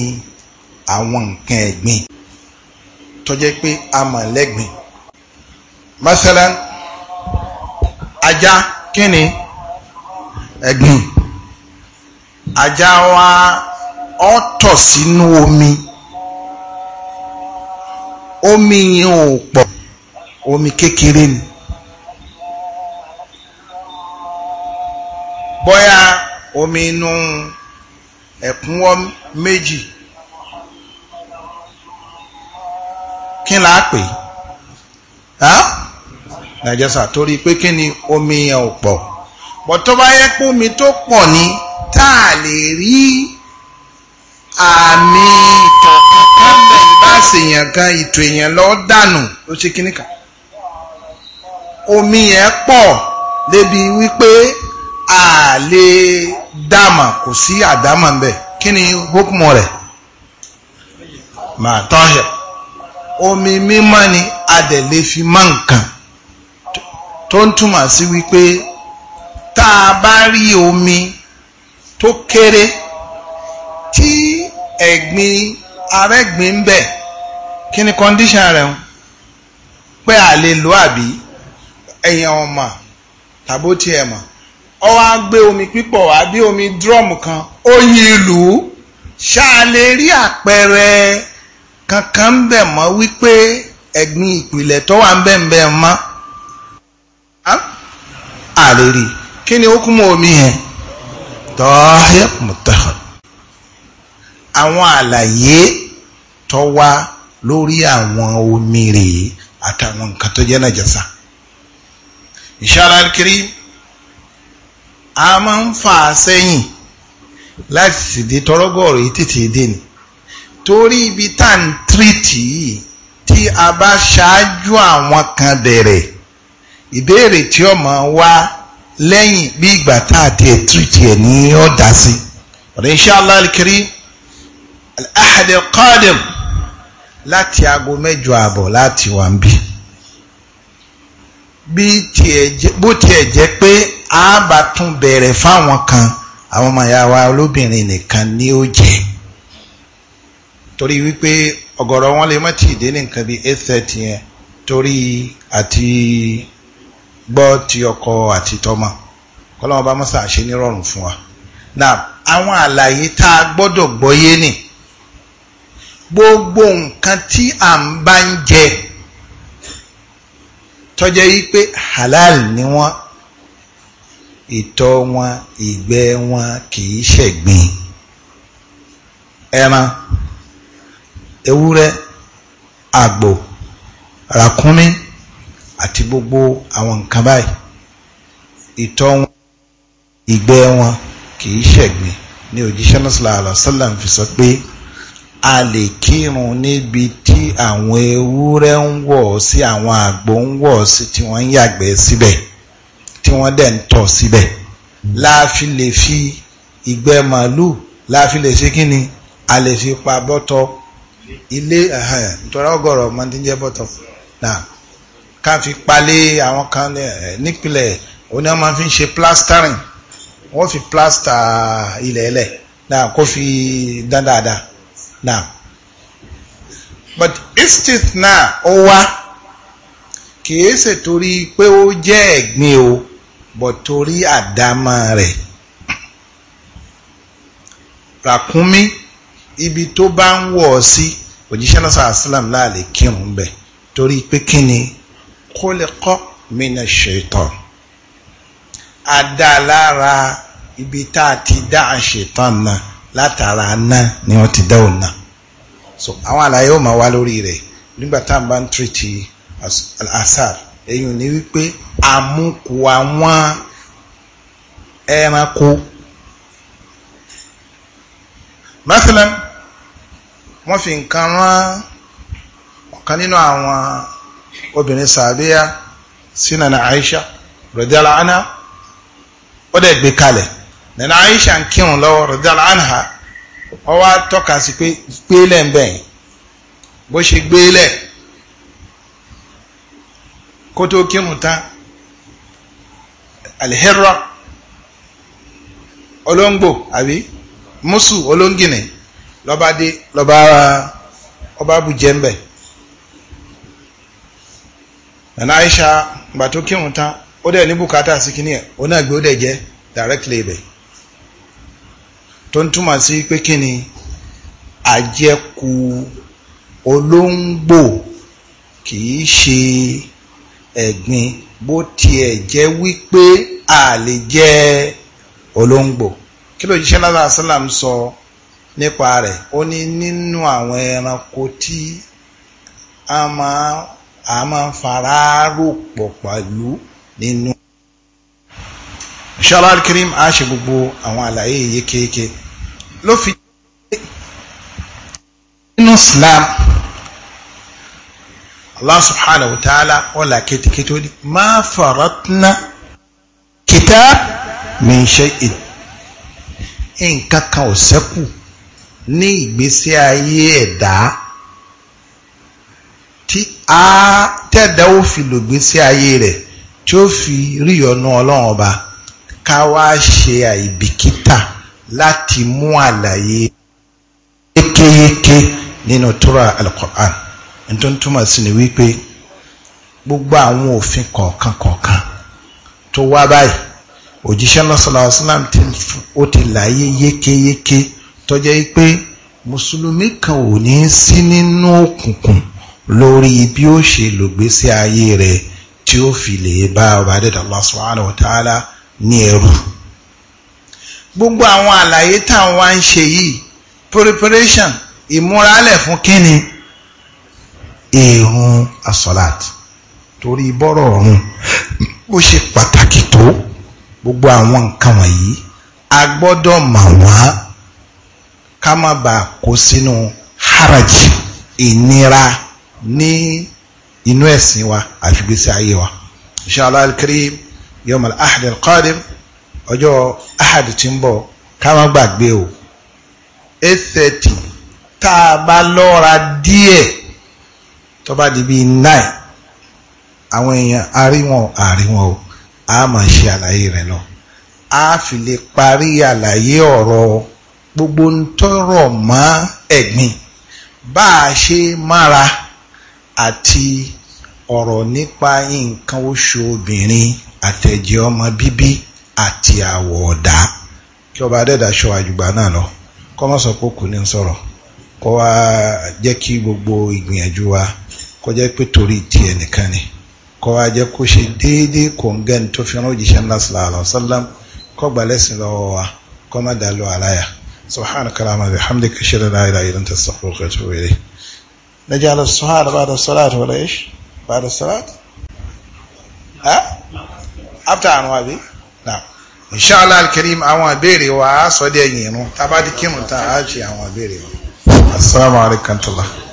àwọn nǹkan ẹ̀gbìn tó jẹ́ pé a mọ̀ lẹ́gbìn masalan ajá kí ẹ̀gbìn ajá wa ó tọ̀ sínú omi omi yìí ò pọ̀ omi kékeré ni bóyá omi inú ẹ̀kúnwọ́ méjì kí là á pè nàìjẹsà torí pé kí ni omi yẹn ò pọ̀ bọ̀ tó bá yẹ pé omi tó pọ̀ ni tá a lè rí àmì kankan bẹ́ẹ̀ bá ṣèyàn kan ìtò èèyàn lọ dànù ló ṣe kíníkà omi yẹn pọ̀ débi wípé a lè dáàmà kò sí àdámà ń bẹ kí ni hókùmù rẹ máa tọ́hẹ̀ omi mímọ́ ni a dẹ̀ lè fi mọ́ nǹkan tó ń túmọ̀ sí wípé tá a bá rí omi tó kéré tí ẹ̀gbin arẹ́gbin ń bẹ̀ kí ni kọ́ndíṣàn rẹ̀ ń pé a lè lò àbí ẹ̀yàn ọmọ tàbó tiẹ̀ mọ̀ ọ wá gbé omi pípọ̀ wá bí omi drum kan ó yí ìlú apere kankan ń bẹ̀ mọ́ wípé ẹ̀gbin ìpìlẹ̀ tó wà ń bẹ̀ ń bẹ̀ mọ́ àrèrè omi yẹn tọ́hẹ́ mùtàhàn àwọn àlàyé tó wá lórí àwọn omi rèé àtàwọn nǹkan tó jẹ́ a máa ń fà á sẹ́yìn láti tètè tọrọgọ́rọ̀ yìí tètè dé ni torí ibi tá à ń tírìtì yìí tí a bá ṣáájú àwọn kan dẹ̀rẹ̀ ìbéèrè tí ó máa wá lẹ́yìn bí ìgbà tá a tiẹ̀ tírìtì ẹ̀ ní ọ̀dà sí ọ̀rẹ́ inṣàlá kiri al-ahad láti aago mẹ́jọ àbọ̀ láti wà ń bí bó tiẹ̀ jẹ́ pé a bá tún bẹ̀rẹ̀ fáwọn kan àwọn ọmọ ìyá wa olóbìnrin nìkan ni ó jẹ́ torí wípé ọ̀gọ̀rọ̀ wọn lè má ti dé ní nǹkan bí eight thirty yẹn torí àti gbọ́ ti ọkọ àti tọmọ kọ́lọ́mọ bá mọ́sà ṣe nírọ̀rùn fún wa now àwọn àlàyé tá a gbọ́dọ̀ gbọ́yé nì gbogbo nǹkan tí à ń bá ń jẹ tọ́jẹ́ wípé halal ni wọ́n ìtọ̀ wọn ìgbẹ́ wọn kìí ṣẹ̀gbin ẹran ewúrẹ́ àgbò ràkúnmí àti gbogbo àwọn nǹkan báyìí ìtọ̀ wọn ìgbẹ́ wọn kìí ṣẹ̀gbin ní òjíṣẹ́ sallallahu alaihi wasallam fi sọ pé a lè kírun níbi tí àwọn ewúrẹ́ ń wọ̀ sí àwọn àgbò ń wọ̀ sí tí wọ́n ń yàgbẹ́ síbẹ̀. Si tí wọ́n dẹ̀ ń tọ̀ síbẹ̀ hmm. láàfi lè fi ìgbẹ́ màálùú láàfi lè fi kí ni a lè fi pa bọ́tọ̀ ilé nítorí ọgọ́rọ̀ ọmọ tí ń jẹ́ bọ́tọ̀ ká fi palẹ̀ àwọn kan nípìnlẹ̀ òun náà máa fi ṣe plastering wọ́n fi plaster ilẹ̀ ẹlẹ̀ náà kó fi dán dáadáa náà but istithna ó wá kìí ṣètòrí pé ó jẹ́ ẹ̀gbin o bọ̀ torí àdámọ́ rẹ̀ ràkúnmí ibi tó bá ń wọ̀ ọ́ sí òjíṣẹ́ náà sàásìlám láàlè kírun bẹ̀ torí pé kí ni kó lè kọ́ mina ṣaitan adálára ibi tá a ti dá ṣaitan náà látara náà ni wọ́n ti dá òun náà so àwọn àlàyé ó máa wá lórí rẹ̀ nígbà tá à bá ń tìrìtì asar. As èyàn ni wípé àmukù àwọn ẹranko mẹ́sìlẹ̀ wọ́n fi nǹkan rán nínú àwọn obìnrin sàbíyá sínú ní Aisha radiyallahu anha ó dẹ̀ gbé kalẹ̀ nínú Aisha ń kírun lọ́wọ́ radiyallahu anha ó wá tọ́ka sí pé gbélé ń bó kó tó kírun tán alihira musu olóńgìnì lọ́ba dé lọ́ba ọba bùjẹ́ ńbẹ̀ nana Aisha gbà tó kírun tán ó dẹ̀ ní bùkátà sí kíní ẹ̀ ó náà gbé ó dẹ̀ jẹ́ directly ibẹ̀ tó ń túmọ̀ sí pé kíni àjẹkù olóńgbò kìí ṣe ẹ̀gbin bó tiẹ̀ jẹ́ wípé a lè jẹ olóńgbò kí ló jíṣẹ́ lára asálàm sọ nípa rẹ̀ ó ní nínú àwọn ẹranko tí a máa ń fara rò pọ̀ pẹ̀lú nínú. ṣọlá kírím a ṣe gbogbo àwọn àlàyé yékéyéké ló fi nínú Islam. Allah subhanahu wa ta'ala wala ketikito di ma faratna kitab min shay'in nǹkan kan ò ṣẹ́kù ní ìgbésí ayé ẹ̀dá tí a tẹ́ẹ̀dá ó fi lò gbésí ayé rẹ̀ tí ó fi rí ọ̀nà ọlọ́run ọba ká wá ṣe àìbìkítà láti mú àlàyé yékéyéké nínú tura al tó ń túmọ̀ sí ni wípé gbogbo àwọn òfin kọ̀ọ̀kan kọ̀ọ̀kan tó wá báyìí òjíṣẹ́ náà sallallahu alaihi wasallam ó ti láyé yékéyéké tó jẹ́ pé mùsùlùmí kan ò ní sí nínú òkùnkùn lórí bí ó ṣe lògbésí ayé rẹ̀ tí ó fi lè bá ọba dẹ́dà Allah subhanahu wa ta'ala ní ẹrù gbogbo àwọn àlàyé táwọn wá ń ṣe yìí preparation ìmúralẹ̀ fún kíni ìrun asọ́láàtì torí bọ́rọ̀ ọ̀run bó ṣe pàtàkì tó gbogbo àwọn nǹkan wọ̀nyí a gbọ́dọ̀ mà wá ká má bàa kó sínú haraj ìnira ní inú ẹ̀sìn wa àti gbèsè ayé wa inshallah al-karim yom al-ahad al-qadim ọjọ́ ahad tí ń bọ̀ ká má gbàgbé o eight thirty tá a bá lọ́ra díẹ̀ tó bá di bíi nine àwọn èèyàn àríwọ̀n àríwọ̀n o a máa ṣe àlàyé rẹ̀ lọ a fi lè parí àlàyé ọ̀rọ̀ gbogbo ń tọrọ mọ́ ẹ̀gbin bá a ṣe mára àti ọ̀rọ̀ nípa nǹkan oṣù obìnrin àtẹ̀jẹ̀ ọmọ bíbí àti àwọ̀ ọ̀dà kí ọba adẹ́dàṣọ àjùgbà náà lọ kọ́mọ́sọ̀kó kò ní sọ̀rọ̀ kó wá jẹ́ kí gbogbo ìgbìyànjú wa kọjá pé torí tiẹ̀ nìkan ni kọ́ wa jẹ́ kó ṣe déédéé kòǹgẹ́ni tó fi rán òjíṣẹ́ ńlá sallallahu alaihi wasallam kọ́ gbalẹ́sìn lọ́wọ́ wa kọ́ má dàlú àláyà subhanaka allahumma wa bihamdika ashhadu an la ilaha illa anta astaghfiruka wa atubu ilayk najal as-suhar ba'da as-salat wala ish ba'da as-salat ha after an na, bi na'am inshallah alkarim àwọn ìbéèrè wa sọ de yin nu tá bá di kírun tá a ṣe àwọn ìbéèrè assalamu alaikum warahmatullahi